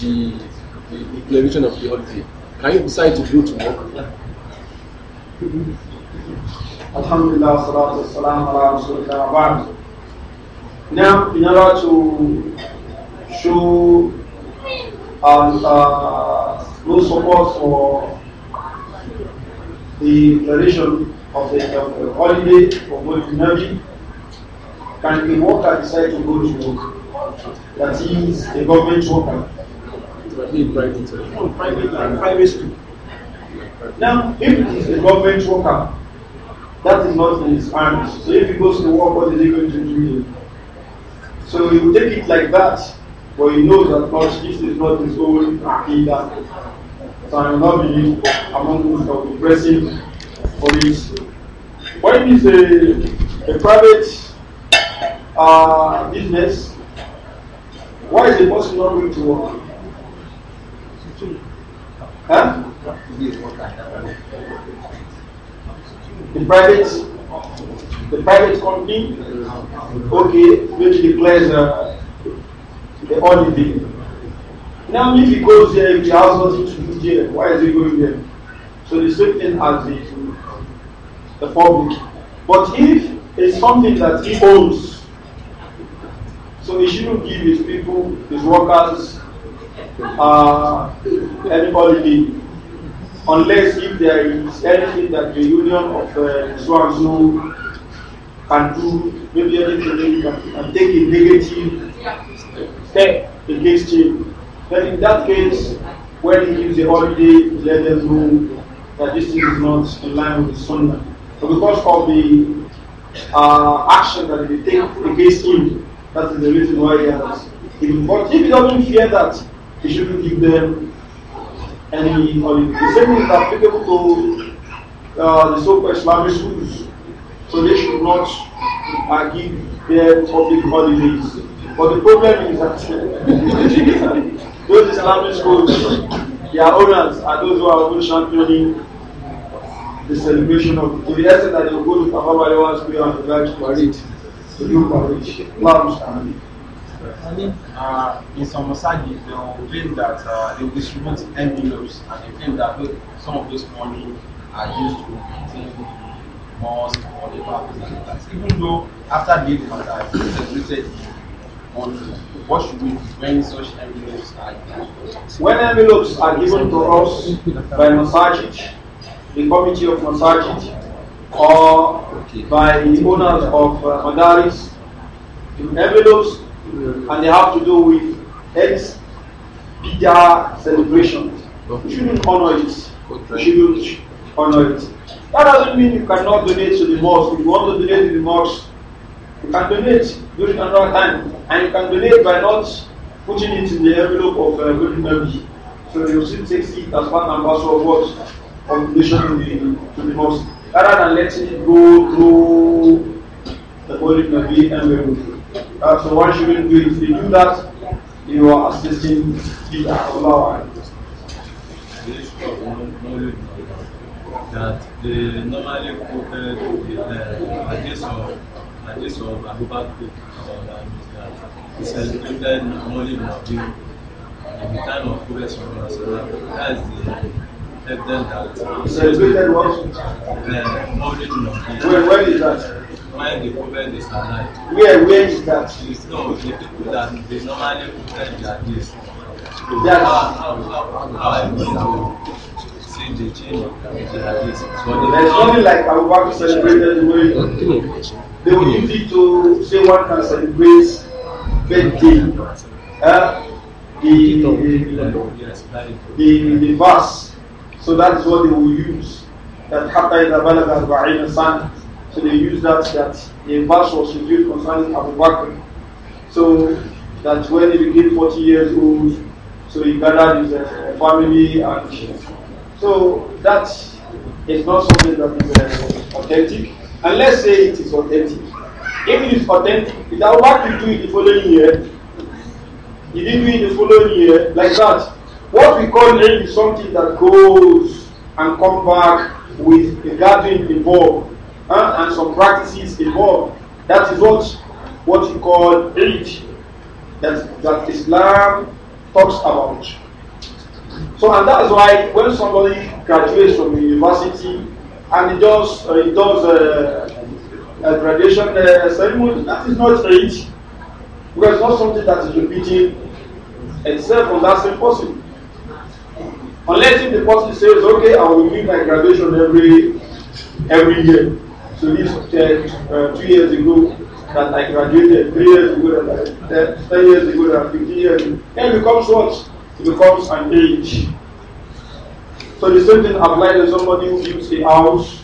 the, the declaration of the holiday, can you decide to go to work? Alhamdulillah, salatu wassalam, ala rasulillah, abad. Now, in order to show and uh, no support for the declaration of the, of the holiday for going to Nabi, can a worker decide to go to work? That is a government worker. Private, private, private school. Now, if it is a government worker, That is not in his hands. So if he goes to war, what is he going to do? So he will take it like that, but he knows that God, this is not his own agenda. So I will not be among those that will be pressing for this. When it is a, a private uh, business, why is the boss not going to work? Huh? The private the private company, okay, which declares uh, the thing. Now, if he goes there, if he has nothing to do there, why is he going there? So the same thing as the, the public. But if it's something that he owns, so he shouldn't give his people, his workers, uh, unless if there is anything that the union of uh, can do, maybe anything can, take a negative step against him. But in that case, when he gives the holiday, let them know that this thing is not in line with the sunnah. So because of the uh, action that they take against him, that is the reason why he has But if he doesn't fear that, he shouldn't give them any holiday. The uh, same is applicable to uh, the so-called Islamic schools. So they should not uh, give their public holidays. But the problem is that those Islamic schools, their owners are those who are even championing the celebration of to the extent that they will go to Papa Walewa's prayer and to the to do parade. uh, in some massages, they will claim that uh, they distribute envelopes and they claim that some of this money are used to maintain malls or the purpose like that. Even though after the matter is distributed money, what should we do when such envelopes are When envelopes are given to us by massage, the committee of massage, or by the owners of uh, madaris, envelopes and they have to do with heads, bigger celebrations. You shouldn't honor it. You shouldn't honor it. That doesn't mean you cannot donate to the mosque. If you want to donate to the mosque, you can donate during another time. And you can donate by not putting it in the envelope of uh, good Nabi. So you still take it as part and parcel of what? Of donation to the, to the mosque. Rather than letting it go through the Golden Nabi envelope. Uh, so why shouldn't do do that, you are assisting the Allah. That they normally quoted the hadith uh, of hadith of Abu Bakr uh, that he celebrated Mawlid Nabi at the time of Prophet Sallallahu Alaihi Wasallam. the they've done that. So it's been there what? The morning of the Where, where is that? When the prophet is alive. Where, where is that? It's not the people that they normally pretend that this. That's how, how, how, how I mean to see the change that is. So There's nothing like our work celebrated the way they will use it to say one can celebrate birthday. Uh, the, the, the, the, the verse so that's what they will use. That Hatta Idabalaga Ba'in Sana. So they use that that the verse should use concerning Abu Bakr. So that when he became 40 years old, so he gathered his uh, family and so that is not something that is uh, authentic. And let's say it is authentic. If it is authentic, if Abu Bakr do it the following year, he didn't do it the following year like that. What we call rain is something that goes and comes back with a gathering involved uh, and some practices involved. That is what what you call rain. that, that Islam talks about. So, and that's why when somebody graduates from university and he does, uh, he does a graduation uh, ceremony, that is not rain. because it's not something that is repeating itself on that same person. Unless if the person says, okay, I will meet my graduation every every year. So this uh, uh, two years ago that I graduated, three years ago that I, ten, ten years ago that I, fifteen years ago. Then it becomes what? It becomes an age. So the same thing applies to somebody who gives a house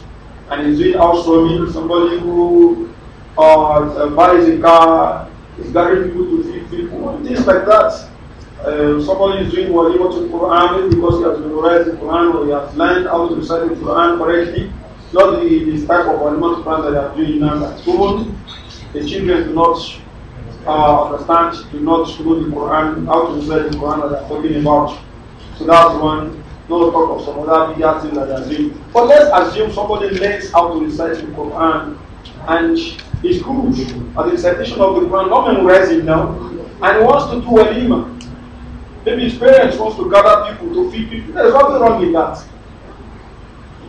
and is doing house swimming, somebody who uh, uh, buys a car, is gathering people to feed people, things like that. Um, somebody is doing what he wants to Quran because he has memorized the Quran or he has learned how to recite the Quran correctly. Not the, this type of animal to Quran that they are doing now at school. The children do not uh, understand, do not know the Quran, how to recite the Quran that they are talking about. So that's one. No talk of some other bigger thing that they are doing. But let's assume somebody learns how to recite the Quran and is good at the recitation of the Quran, not memorizing now, and wants to do a lima. Maybe his parents wants to gather people to feed people. There's nothing wrong in that.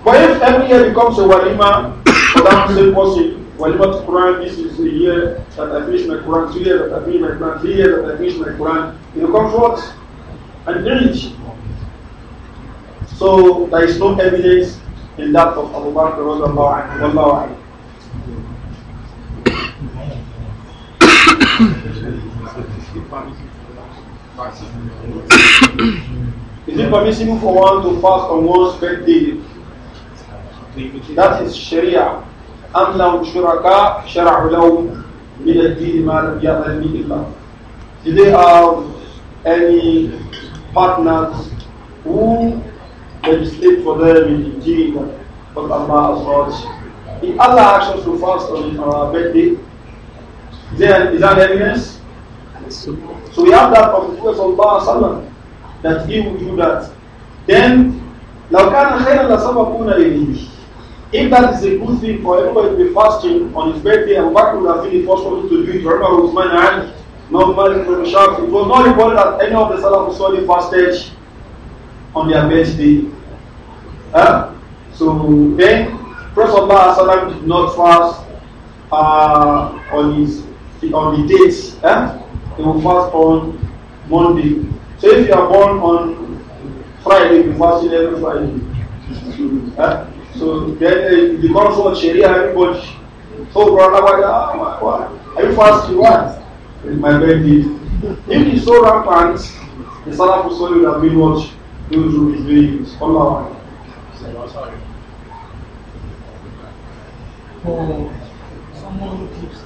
But if every year becomes a walima for that same person, walima to Quran, this is the year that I finish my Quran, two years that I finish my Quran, three years that I finish my Quran, it becomes what? An village. So there is no evidence in that of Abu Bakr. Thank is it permissible for one to fast on one's birthday? That is Sharia. أم لهم شركاء شرعوا لهم من الدين ما لم يأذن به الله. Do they have any partners who legislate for them in the deen but Allah has not? If Allah actions to fast on our birthday, then is that evidence? So we have that from the Prophet Sallallahu that he will do that. Then, لَوْ كَانَ خَيْرًا لَسَبَقُونَ إِلَيْهِ If that is a good thing for everybody to be fasting on his birthday, Abu Bakr would have been the first to do it. Remember Uthman Ali, not Malik ibn Shafi. It was not reported that any of the Salaf Salih fasted on their birthday. Huh? So then, Prophet Sallallahu did not fast uh, on his on the dates. Huh? you will fast on Monday. So if you are born on Friday, you fast every Friday. huh? So then uh, it becomes what Sharia everybody. So brother, why, why, why? Are you fasting? What? It's my birthday. if you so rampant, the Salah for Sol would have been what? Those who is doing is Allah. For someone who keeps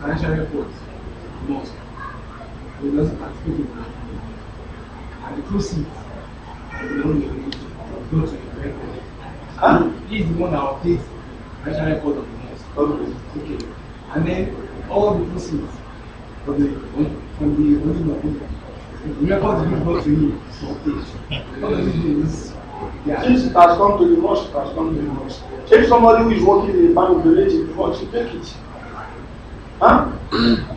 financial reports, most the Lord participated in and the proceeds of the loan go to the correct Huh? This is the one that updates the national record of the next. Okay. okay. And then all the proceeds from the from the original book. The record will go to him to update. What yeah. Since it has come to the most, it has come to the most. Take somebody who is working in the bank of the lady before to take it. Huh? Hmm.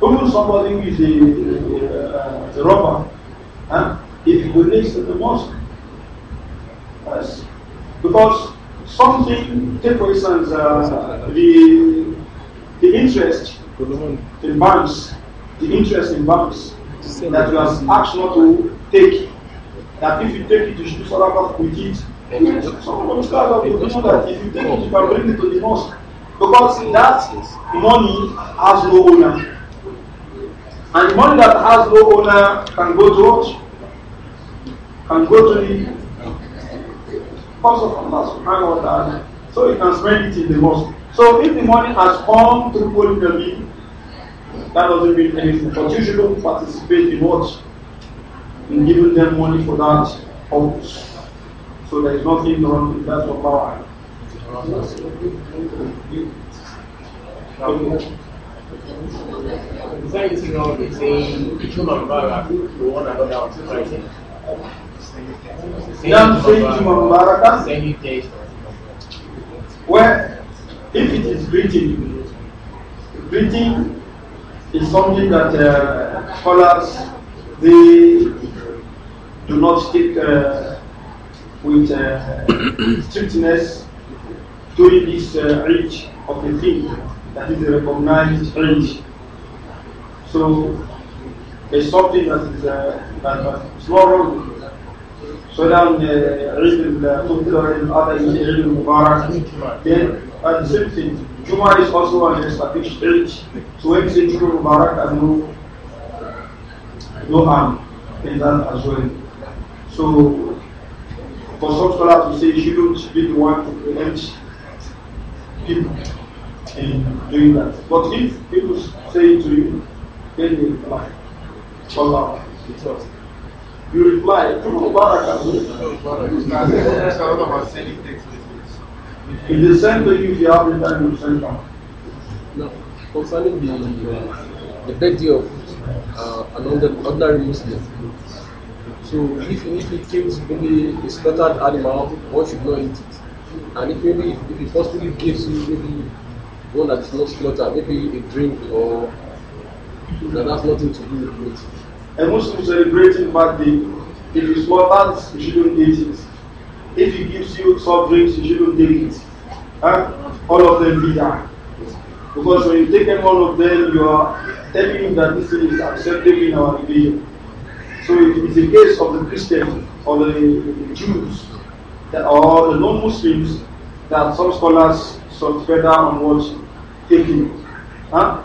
Even somebody who is a, a, a robber, huh? if he donates to the mosque, yes. because something, take for instance, uh, the, the interest in banks, the interest in banks that you are asked not to take, that if you take it, you should do sadaqah with it. Some of the scholars will know that if you take it, you can bring it to the mosque. Because that money has no owner. And money that has no owner can go to what? Can go to the cause of Allah subhanahu wa ta'ala. So he can spend it in the mosque. So if the money has come through polygamy, that doesn't mean anything. But you shouldn't participate in what? In giving them money for that purpose. So there is nothing wrong with that power anxiety now between one another Now saying to Mubarak, Well, if it is written, written is something that uh, scholars they do not stick uh, with uh, strictness during this uh, of the thing that is a recognized range. So it's something that is uh, that is not wrong. So then the ilm al other is ilm mubarak. Then the same thing, Juma is also an established age. So when you say Juma mubarak, I know no harm in that as well. So for some scholars to say you do not be the one to prevent people in doing that. But if people say to you, then you reply, Allah, because you reply, people barakah. If they send to you, if you have the time, you send them. Now, concerning the, uh, the birthday of uh, an ordinary Muslim, so if, if it kills maybe a slaughtered animal, What should not eat it. And if maybe if it possibly gives you maybe one that is not slaughtered, maybe a drink or that has nothing to do with meat. And Muslim celebrating birthday, if you slaughter, you shouldn't eat it. If he gives you soft drinks, you shouldn't take it. Huh? All of them be that. Because when you take any one of them, you are telling him that this is acceptable in our religion. So it is a case of the Christian or the, Jews that, or the non-Muslims that some scholars sought further on what taking. Huh?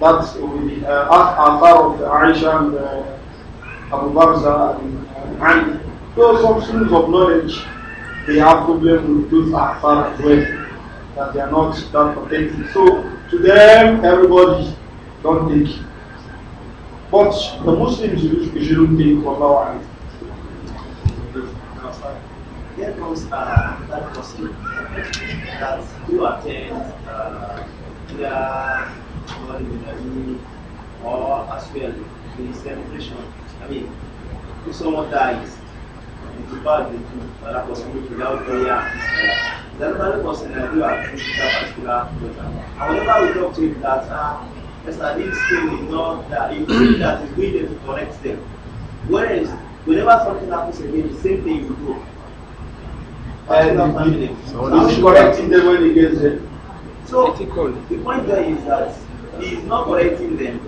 That will be uh, author of Aisha and uh, Abu Barza and uh, Ali. those some students of knowledge, they have problem with those author as well, that they are not that protected. So to them, everybody don't take. But the Muslims, you shouldn't take, Allah there comes uh, that person that you attend uh, either Monday or as well the celebration. I mean, if someone dies, it's bad they do that person without prayer. That another person that you are doing that particular person. However, we talk to him that uh, Mr. Dean still is not that you think that is doing them to correct them. Whereas, whenever something happens again, the same thing you do. Now she's correcting them when he gets there. So the point there is that he is not correcting them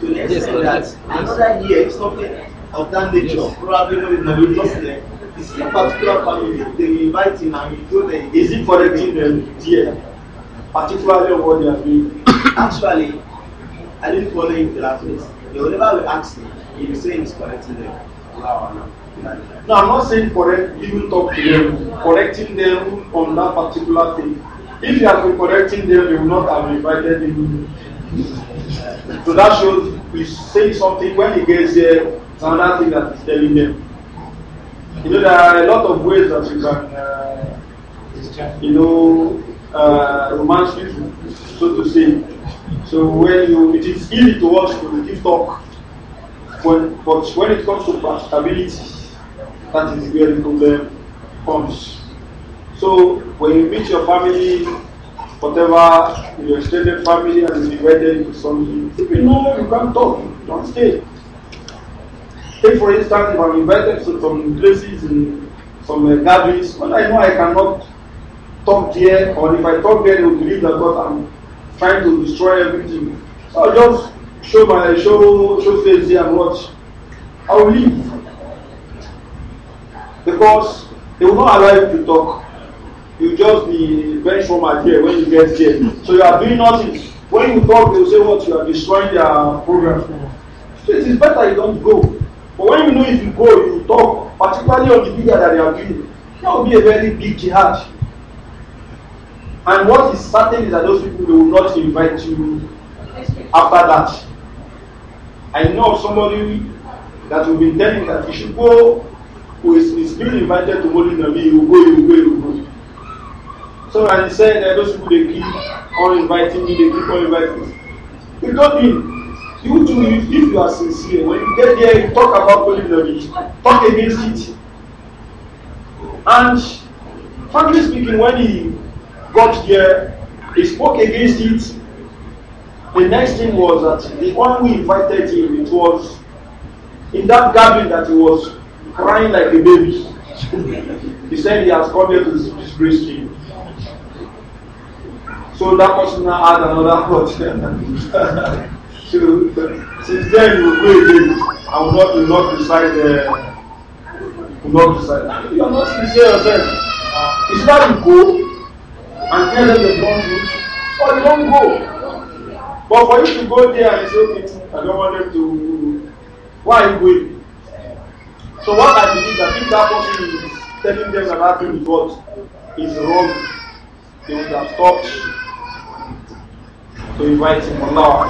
to the extent that another year something of that nature yes. probably not in the just there. This is a particular family they invite him and he go there. Is he correcting them dear? Particularly on what they are doing. Actually, I didn't follow him to that place. They will never ask him. He will say he's correcting them. Wow, No, I'm not saying correct even talk to them, correcting them on that particular thing. If you have been correcting them, they will not have invited you. So that shows we say something when he gets there, it's another thing that is telling them. You know, there are a lot of ways that you can, uh, you know, uh, romance people, so to say. So when you, it is easy to watch to give talk, when, but when it comes to stability That is where the problem comes. So when you meet your family, whatever your extended family and is divided into something, if you know you can't talk, don't stay. Take for instance, if I'm invited to some places in some uh, gatherings, when I know I cannot talk there, or if I talk there, they will believe that God I'm trying to destroy everything. So I'll just show my show show face there and watch. I'll leave because they will not allow you to talk. You just be bench from at here when you get here. So you are doing nothing. When you talk, they will say what you are destroying their program. So it is better you don't go. But when you know if you go, you talk, particularly on the media that they are doing, that will be a very big jihad. And what is certain is that those people they will not invite you after that. I know somebody that will be telling that you should go who is, is being invited to Holy Nabi, you go, you go, you go. So as he said that those people they keep on inviting me, they keep on inviting me. It don't mean you too, if you are sincere, when you get there, you talk about Holy Nabi, talk against it. And frankly speaking, when he got there, he spoke against it. The next thing was that the one we invited him, it was in that gathering that he was crying like a baby. he said he has come here to disgrace him. So that person now had another hurt. so since then he will go again. I will not will not decide uh, will not decide. You are not sincere yourself. Uh, Is that you go and tell them the wrong truth, or they don't go. But for you to go there and say, okay, I don't want them to why are you going? So what I believe that if that person is telling them that that thing is what is wrong, they would have stopped to invite him Allah.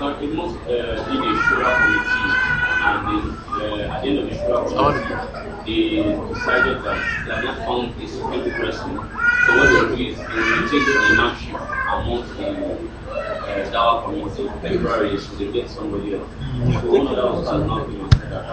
Now, it must uh, in a shura committee, and in, uh, at the end of the shura committee, they decided that they have not found a suitable person. So what they do is they rotate the imamship amongst the uh, dawa committee temporarily, so they get somebody else. So one of those has not been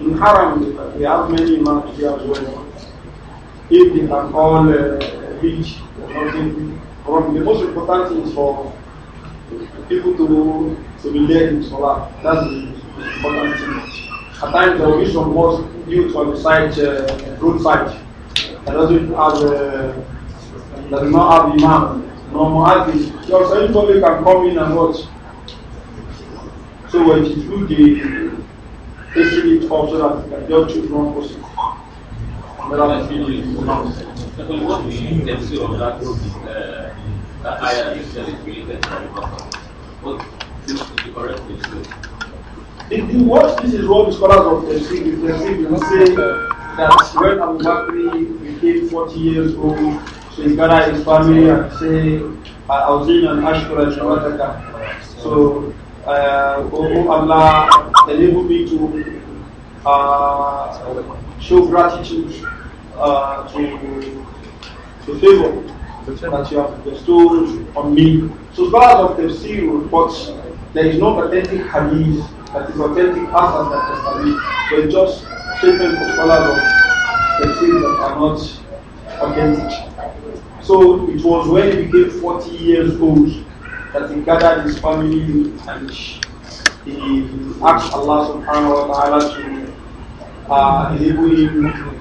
in Haram, we have many imams here as well. If they can all uh, reach, nothing The most important thing is for people to, to be led in Salah. That's the important thing. At times the will was some on the side, uh, roadside, that doesn't have, uh, that does not have imam, no muaddin. So anybody can come in and watch. So when you do the Basically, tortured and your children also. That see uh, that ayah itself is to What seems correct If you watch this is what the scholars of Tafsir, you will say that when Abu Bakr became 40 years old, so he gathered his family and say, I was in an ashkura shawataka. So uh, oh, oh Allah, enable me to uh, show gratitude uh, to the favor that you have bestowed on me. So scholars of tafsir report there is no authentic hadith that is authentic asas that establish. They're just statements of scholars of tafsir that are not authentic. So it was when he became 40 years old that he gathered his family and he asked Allah subhanahu wa ta'ala to uh, enable him to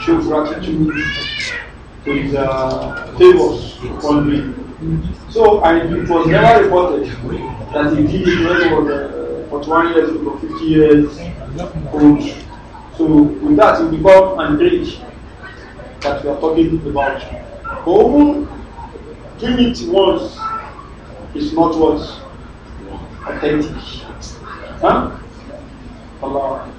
show gratitude to his uh, favors upon me. So I, it was never reported that he did it uh, for he years for 50 years So with that, it becomes an age that we are talking about. All even ones. it once is not what? Authentic. Huh? Allah.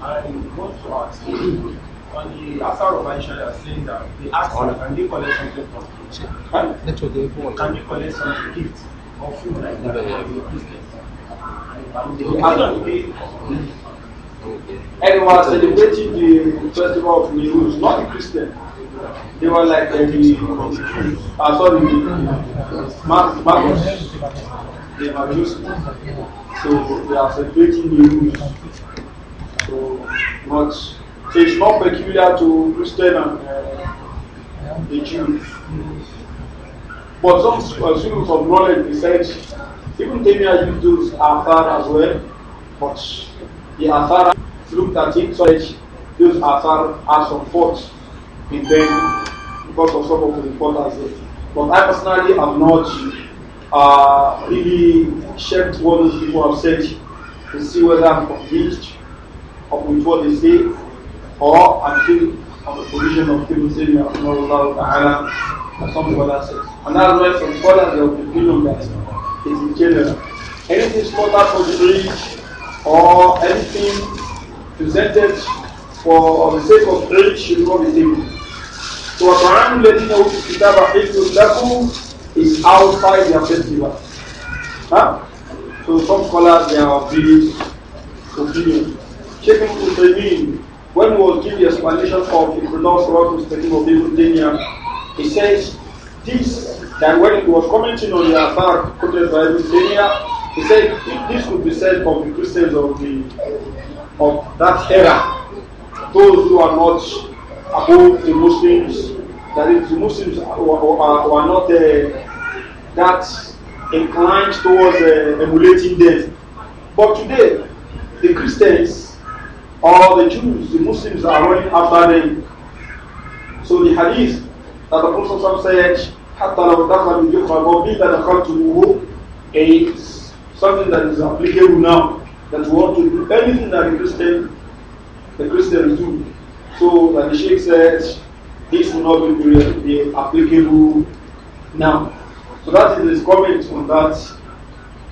I want to ask you, on the Asar of are saying that they ask. her, can they collect something from you? Can they collect some gift or food like that from the Christians? Anyone celebrating the festival of Nehru is not a Christian. They were like maybe, uh, sorry, Mark, Marcus. They were used. So they are celebrating the rules. So much. So it's not peculiar to Christian and uh, the Jews. But some uh, students of knowledge research, even Temia used are far as well, but the Athar looked at it, so those Athar are some faults in them because of some of the reporters there. But I personally am not uh, really checked what those people have said to see whether I'm convinced of with what they say or I'm still on the position of people saying that Allah and some scholars says. And that's why some scholars have the opinion that it's in general. Anything spotted for the rich or anything presented for the sake of rich should not be taken. وَطَعَامُ الَّذِينَ أُوتُوا الْكِتَابَ حِلٌّ لَكُمْ is outside their festival. Huh? So some scholars they are of this opinion. Sheikh Uthaymeen, when he was giving the explanation of Iqnaz Rock Mustaqim of Ibn Taymiyyah, he says this, that when he was commenting on the affair quoted by Ibn Taymiyyah, he said if this could be said of the Christians of the of that era, those who are not about the Muslims, that is, the Muslims are, are not uh, that inclined towards uh, emulating them. But today, the Christians or the Jews, the Muslims are running after them. So the hadith that the Prophet said, حتى لو دخل الجحر قبل دخلته it's something that is applicable now that we want to do anything that the Christian the Christians do so like the Sheikh says this will not be, be applicable now. So that is his comment on that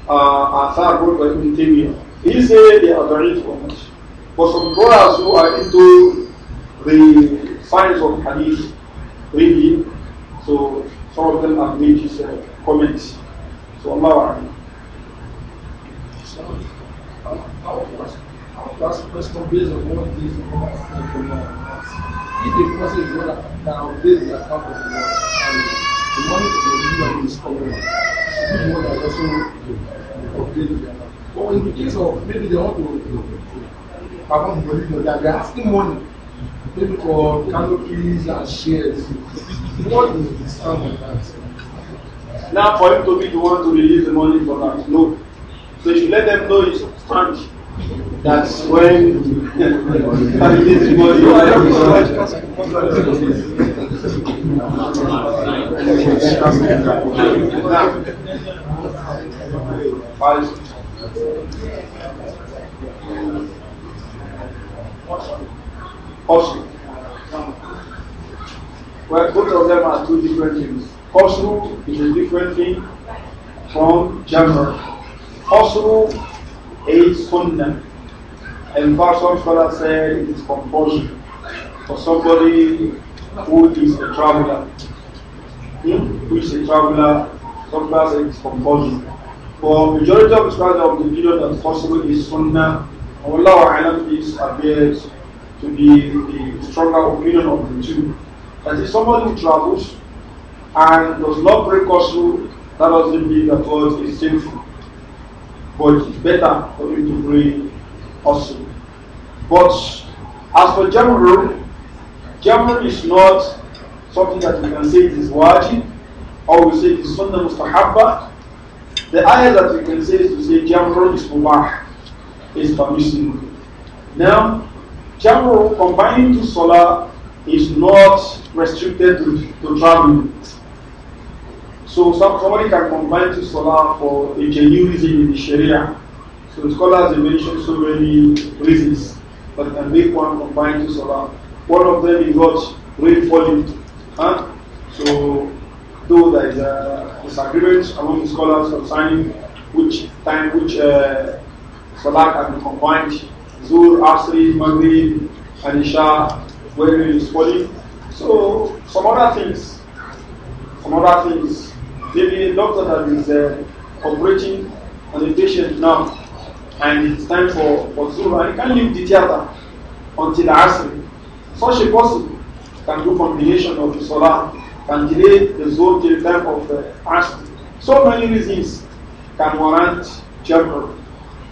uh, Athar brought by Ibn Taymiyyah. He said they are very important. But some brothers who are into the science of hadith, really, so some of them have made his uh, comments. So Allah. Alam. Because Christian based on what is not from us. If the person is not that obeys the account of the Lord, and the money that the believer is coming on, should be one that also obeys the account. But in the case of maybe they want to perform religion, that they are asking money. Maybe for canopies and shares. What is the sound of that? Now, for him to be the one to release the money for that, no. So you let them know it's strange. That's when this go you are Well, both of them are two different things. Kosru is a different thing from general. Kosru is Sunnah. And far some scholars say it is compulsory for somebody who is a traveler. Hmm? Who is a traveler, some scholars say it is compulsory. For majority of scholars of the period that possible is sunnah. Allah Alam is appears to be the stronger opinion of the two. That is somebody who travels and does not break also, that doesn't mean that God is sinful. But it's better for you to pray also. But as for Jamrul, Jamrul is not something that we can say it is wajib or we say it is sunnah mustahabba. The ayah that we can say is to say general is mubah, is permissible. Now, general combining to solar is not restricted to, to traveling. So some, somebody can combine to solar for a genuine reason in the Sharia. So scholars have mentioned so many reasons. But a can make one combined to salah. One of them is what? Rain falling. Huh? So, though there is a disagreement among scholars concerning which time, which uh, salah can be combined, Zur, Asri, Maghrib, and Isha, when it is falling. So, some other things, some other things. Maybe a doctor that is uh, operating on a patient now and it's time for, for Zuhr, You can leave the theater until Asr. Such a person can do combination of the Salah, can delay the Zuhr till the time of the Asr. So many reasons can warrant Jabr.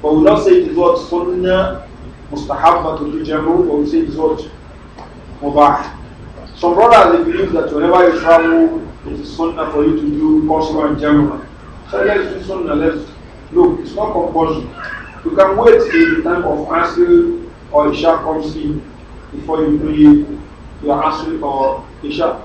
But we don't say it is what Sunnah mustahabba to do Jabr, but we say it is what Mubah. Some brothers they believe that whenever you travel, it is Sunnah for you to do Qasr and Jabr. So let's do Sunnah, let's look, it's not compulsory. You can wait till the time of Asr or Isha comes in before you pray your Asr or Isha.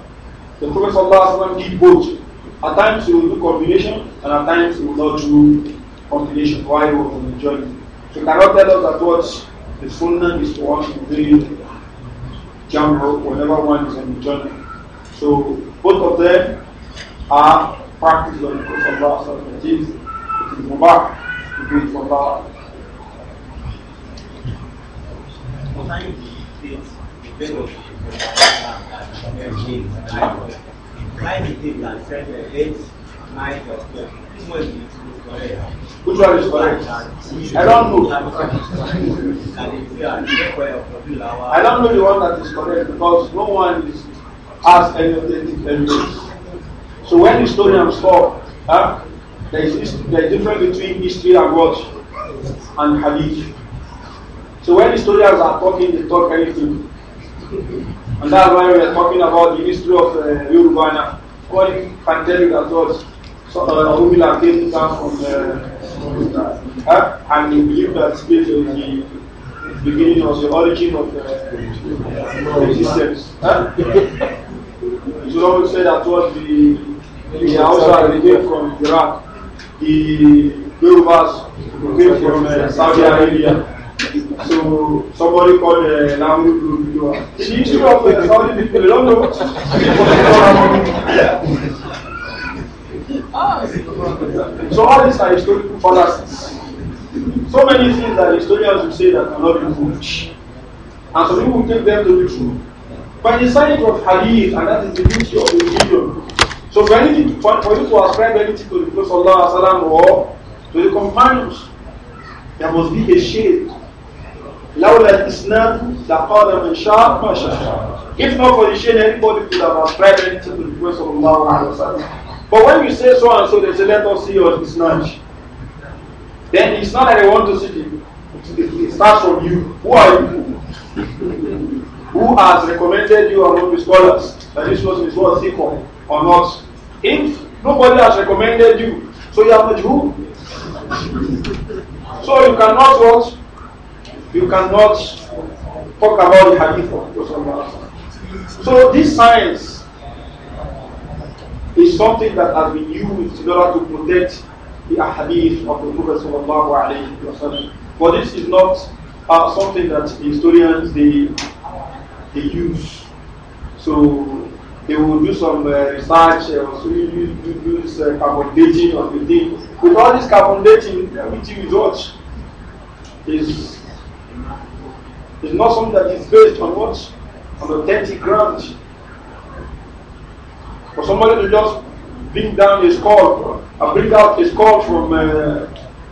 The Prophet Sallallahu did both. At times he will do combination and at times he will not do combination while he was on the journey. So you cannot tell us that what the Sunnah is to us to pray. General, whenever one is on the journey. So both of them are practiced on the Prophet Sallallahu Alaihi Wasallam. It is Mubarak to Allah Which one is correct? I don't know. I don't know the one that is correct because no one is, has any authentic evidence. So when historians talk, huh, there is there is difference between history and what and hadith. So when historians are talking, they talk anything. and that's why we are talking about the history of uh, Yoruba all you can tell you that was so, uh, are came down from the uh, uh, and they believe that space is the beginning of the origin of the uh, existence. you should always say that was the the are they came from Iraq, the Urubas came from uh, Saudi Arabia. So somebody called the Lamu Guru. She issue of uh, Saudi people, they don't know So all these are historical fallacies. So many things that historians would say that are not true. And some people take them to be true. By the science of hadith, and that is the beauty of the religion. So for, anything, for, for you to ascribe anything to the Prophet or to the companions, there must be a shade Lawla Islam, Laqala Masha, Masha. If not for the shame, anybody could have ascribed anything to the Prophet of Allah. But when you say so and so, they say, let us see your Islam. Then it's not that they want to see it. It starts from you. Who are you? Who has recommended you among the scholars that this was is worth seeking or not? If nobody has recommended you, so you are who. So you cannot watch. you cannot talk about the hadith of Prophet. So this science is something that has been used in order to protect the hadith of the Prophet. But this is not uh, something that historians they, they use. So they will do some uh, research, uh, so you, you do this uh, carbon dating or the thing. With all this carbon dating, everything is it's not something that is based on what? On authentic ground. For somebody to just bring down a skull and bring out a skull from uh,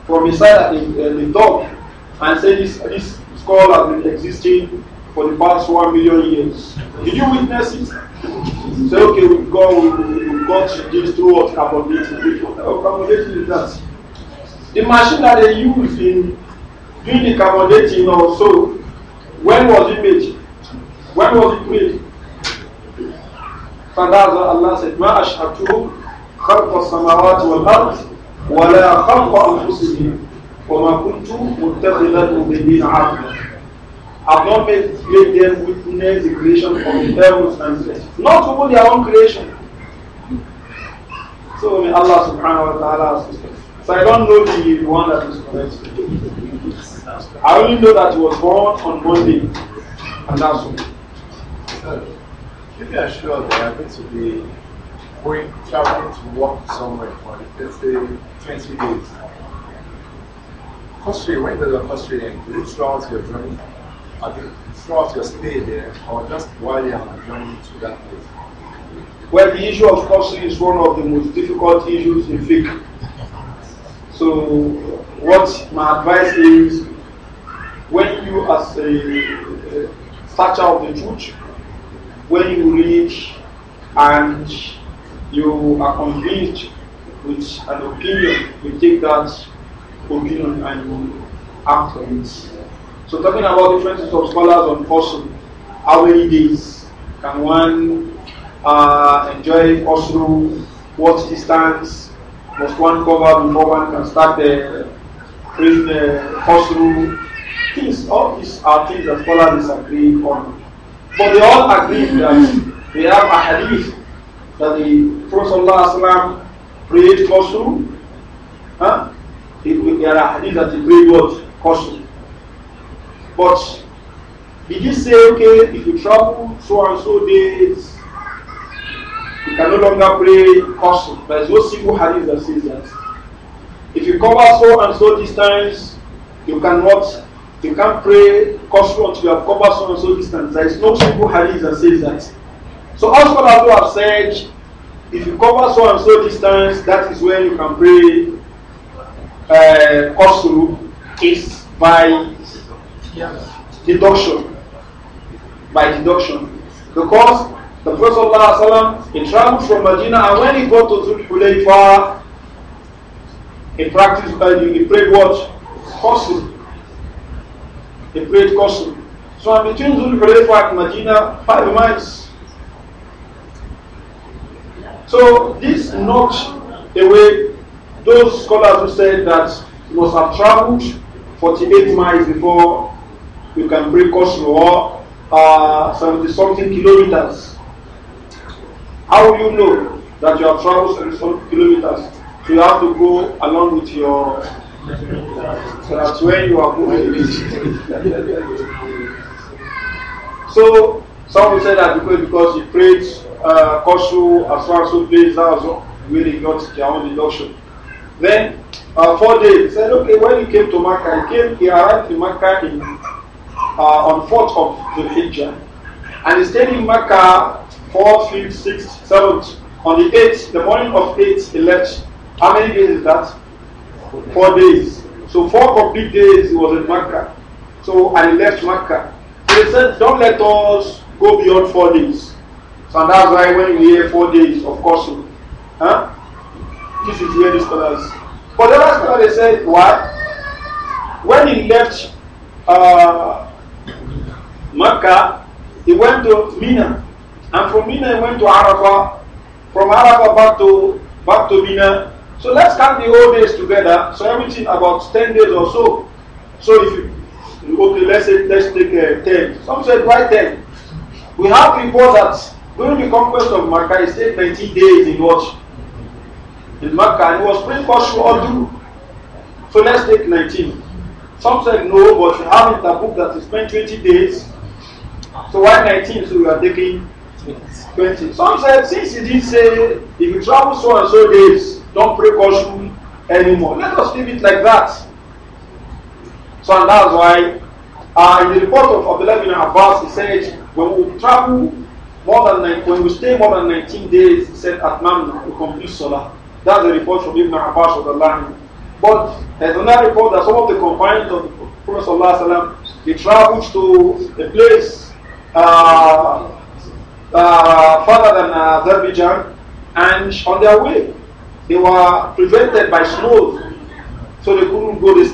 from inside the, uh, the dog and say this this skull has been existing for the past one million years. Did you witness it? Say, so, okay, we got, we, we got this through what carbonating. Carbonating is that. The machine that they use in doing the carbonating also When was it made? When was it made? فَنَعْذَا Allah said, مَا أَشْهَدْتُهُمْ خَلْقَ السَّمَاوَاتِ وَالْأَرْضِ وَلَا خَلْقَ أَنفُسِهِمْ وَمَا كُنْتُ مُتَّخِذَ الْمُؤْمِنِينَ عَبْدًا have not made, made them witness the creation of the heavens and the earth. Not even their own creation. So may Allah subhanahu wa ta'ala assist us. So I don't know the one that is correct. I only know that he was born on Monday, and that's all. So, if you are sure they are going to be going traveling to work somewhere for let's say 20 days, costly, when does the costly end? Is it throughout your journey? I think throughout your stay there, or just while you are journeying to that place? Well, the issue of costly is one of the most difficult issues in fiqh. So, what my advice is when you as a, stature of the truth, when you read and you are convinced with an opinion, you take that opinion and you act on it. So talking about differences of scholars on Qasr, how many days can one uh, enjoy Qasr, what distance must one cover before one can start the uh, prison uh, things, All these are things that scholars disagree on. But they all agree that they have a hadith that the Prophet prayed Qasr. Huh? It, there are hadith that he prayed what? But did you say, okay, if you travel so and so days, you can no longer pray But There is no single hadith that says that. If you cover so and so distance, you cannot you can't pray kosher until you have covered so and so distance. There is no simple hadith that says that. So as far as have said, if you cover so and so distance, that is when you can pray uh, is by deduction. By deduction. Because the Prophet ﷺ, he traveled from Medina and when he got to Zul he practiced, uh, he prayed what? Kosher the Great Qasim. So I'm between Dhul great and Medina, five miles. So this knocked away those scholars who said that you must have traveled 48 miles before you can break Qasim or uh, 70 something kilometers. How do you know that you have traveled 70 kilometers? So you have to go along with your so that's where you are going so someone said that because because he prayed uh, Koshu as far as who plays that where he got their own deduction. Then uh, four days, he said, okay, when he came to Makkah, he came, he arrived in Makkah in, uh, on 4th of the Dhul And he stayed in Makkah 4th, 5th, 6th, 7th. On the 8th, the morning of 8th, he left. How many days is that? Four days. So four complete days he was in Makkah. So I left Makkah. So they said, don't let us go beyond four days. So that's why when we hear four days, of course, huh? this is where the scholars. But the last scholar they said, why? When he left uh, he went to Mina. And from Mina he went to Arafah. From Arafah back to back to Mina. So let's count the whole days together. So everything about 10 days or so. So if you, okay, let's say, let's take uh, 10. Some said, why 10? We have reports that during the conquest of Makkah, he stayed 20 days in what? In Makkah, and it was pretty for all So let's take 19. Some said no, but we have in the book that he spent 20 days. So why 19? So we are taking 20. Some said since he did say if you travel so and so days, don't pray caution anymore. Let us leave it like that. So and that's why uh, in the report of Abdullah bin Abbas, he said, when we travel more than nine, when we stay more than 19 days, he said, at Mamna, we complete Salah. That's the report from Ibn Abbas of the line. But there's another report that some of the companions of the Prophet Sallallahu they traveled to a place uh, uh, further than uh, Azerbaijan, and on their way, they were prevented by snow, so they couldn't go. this.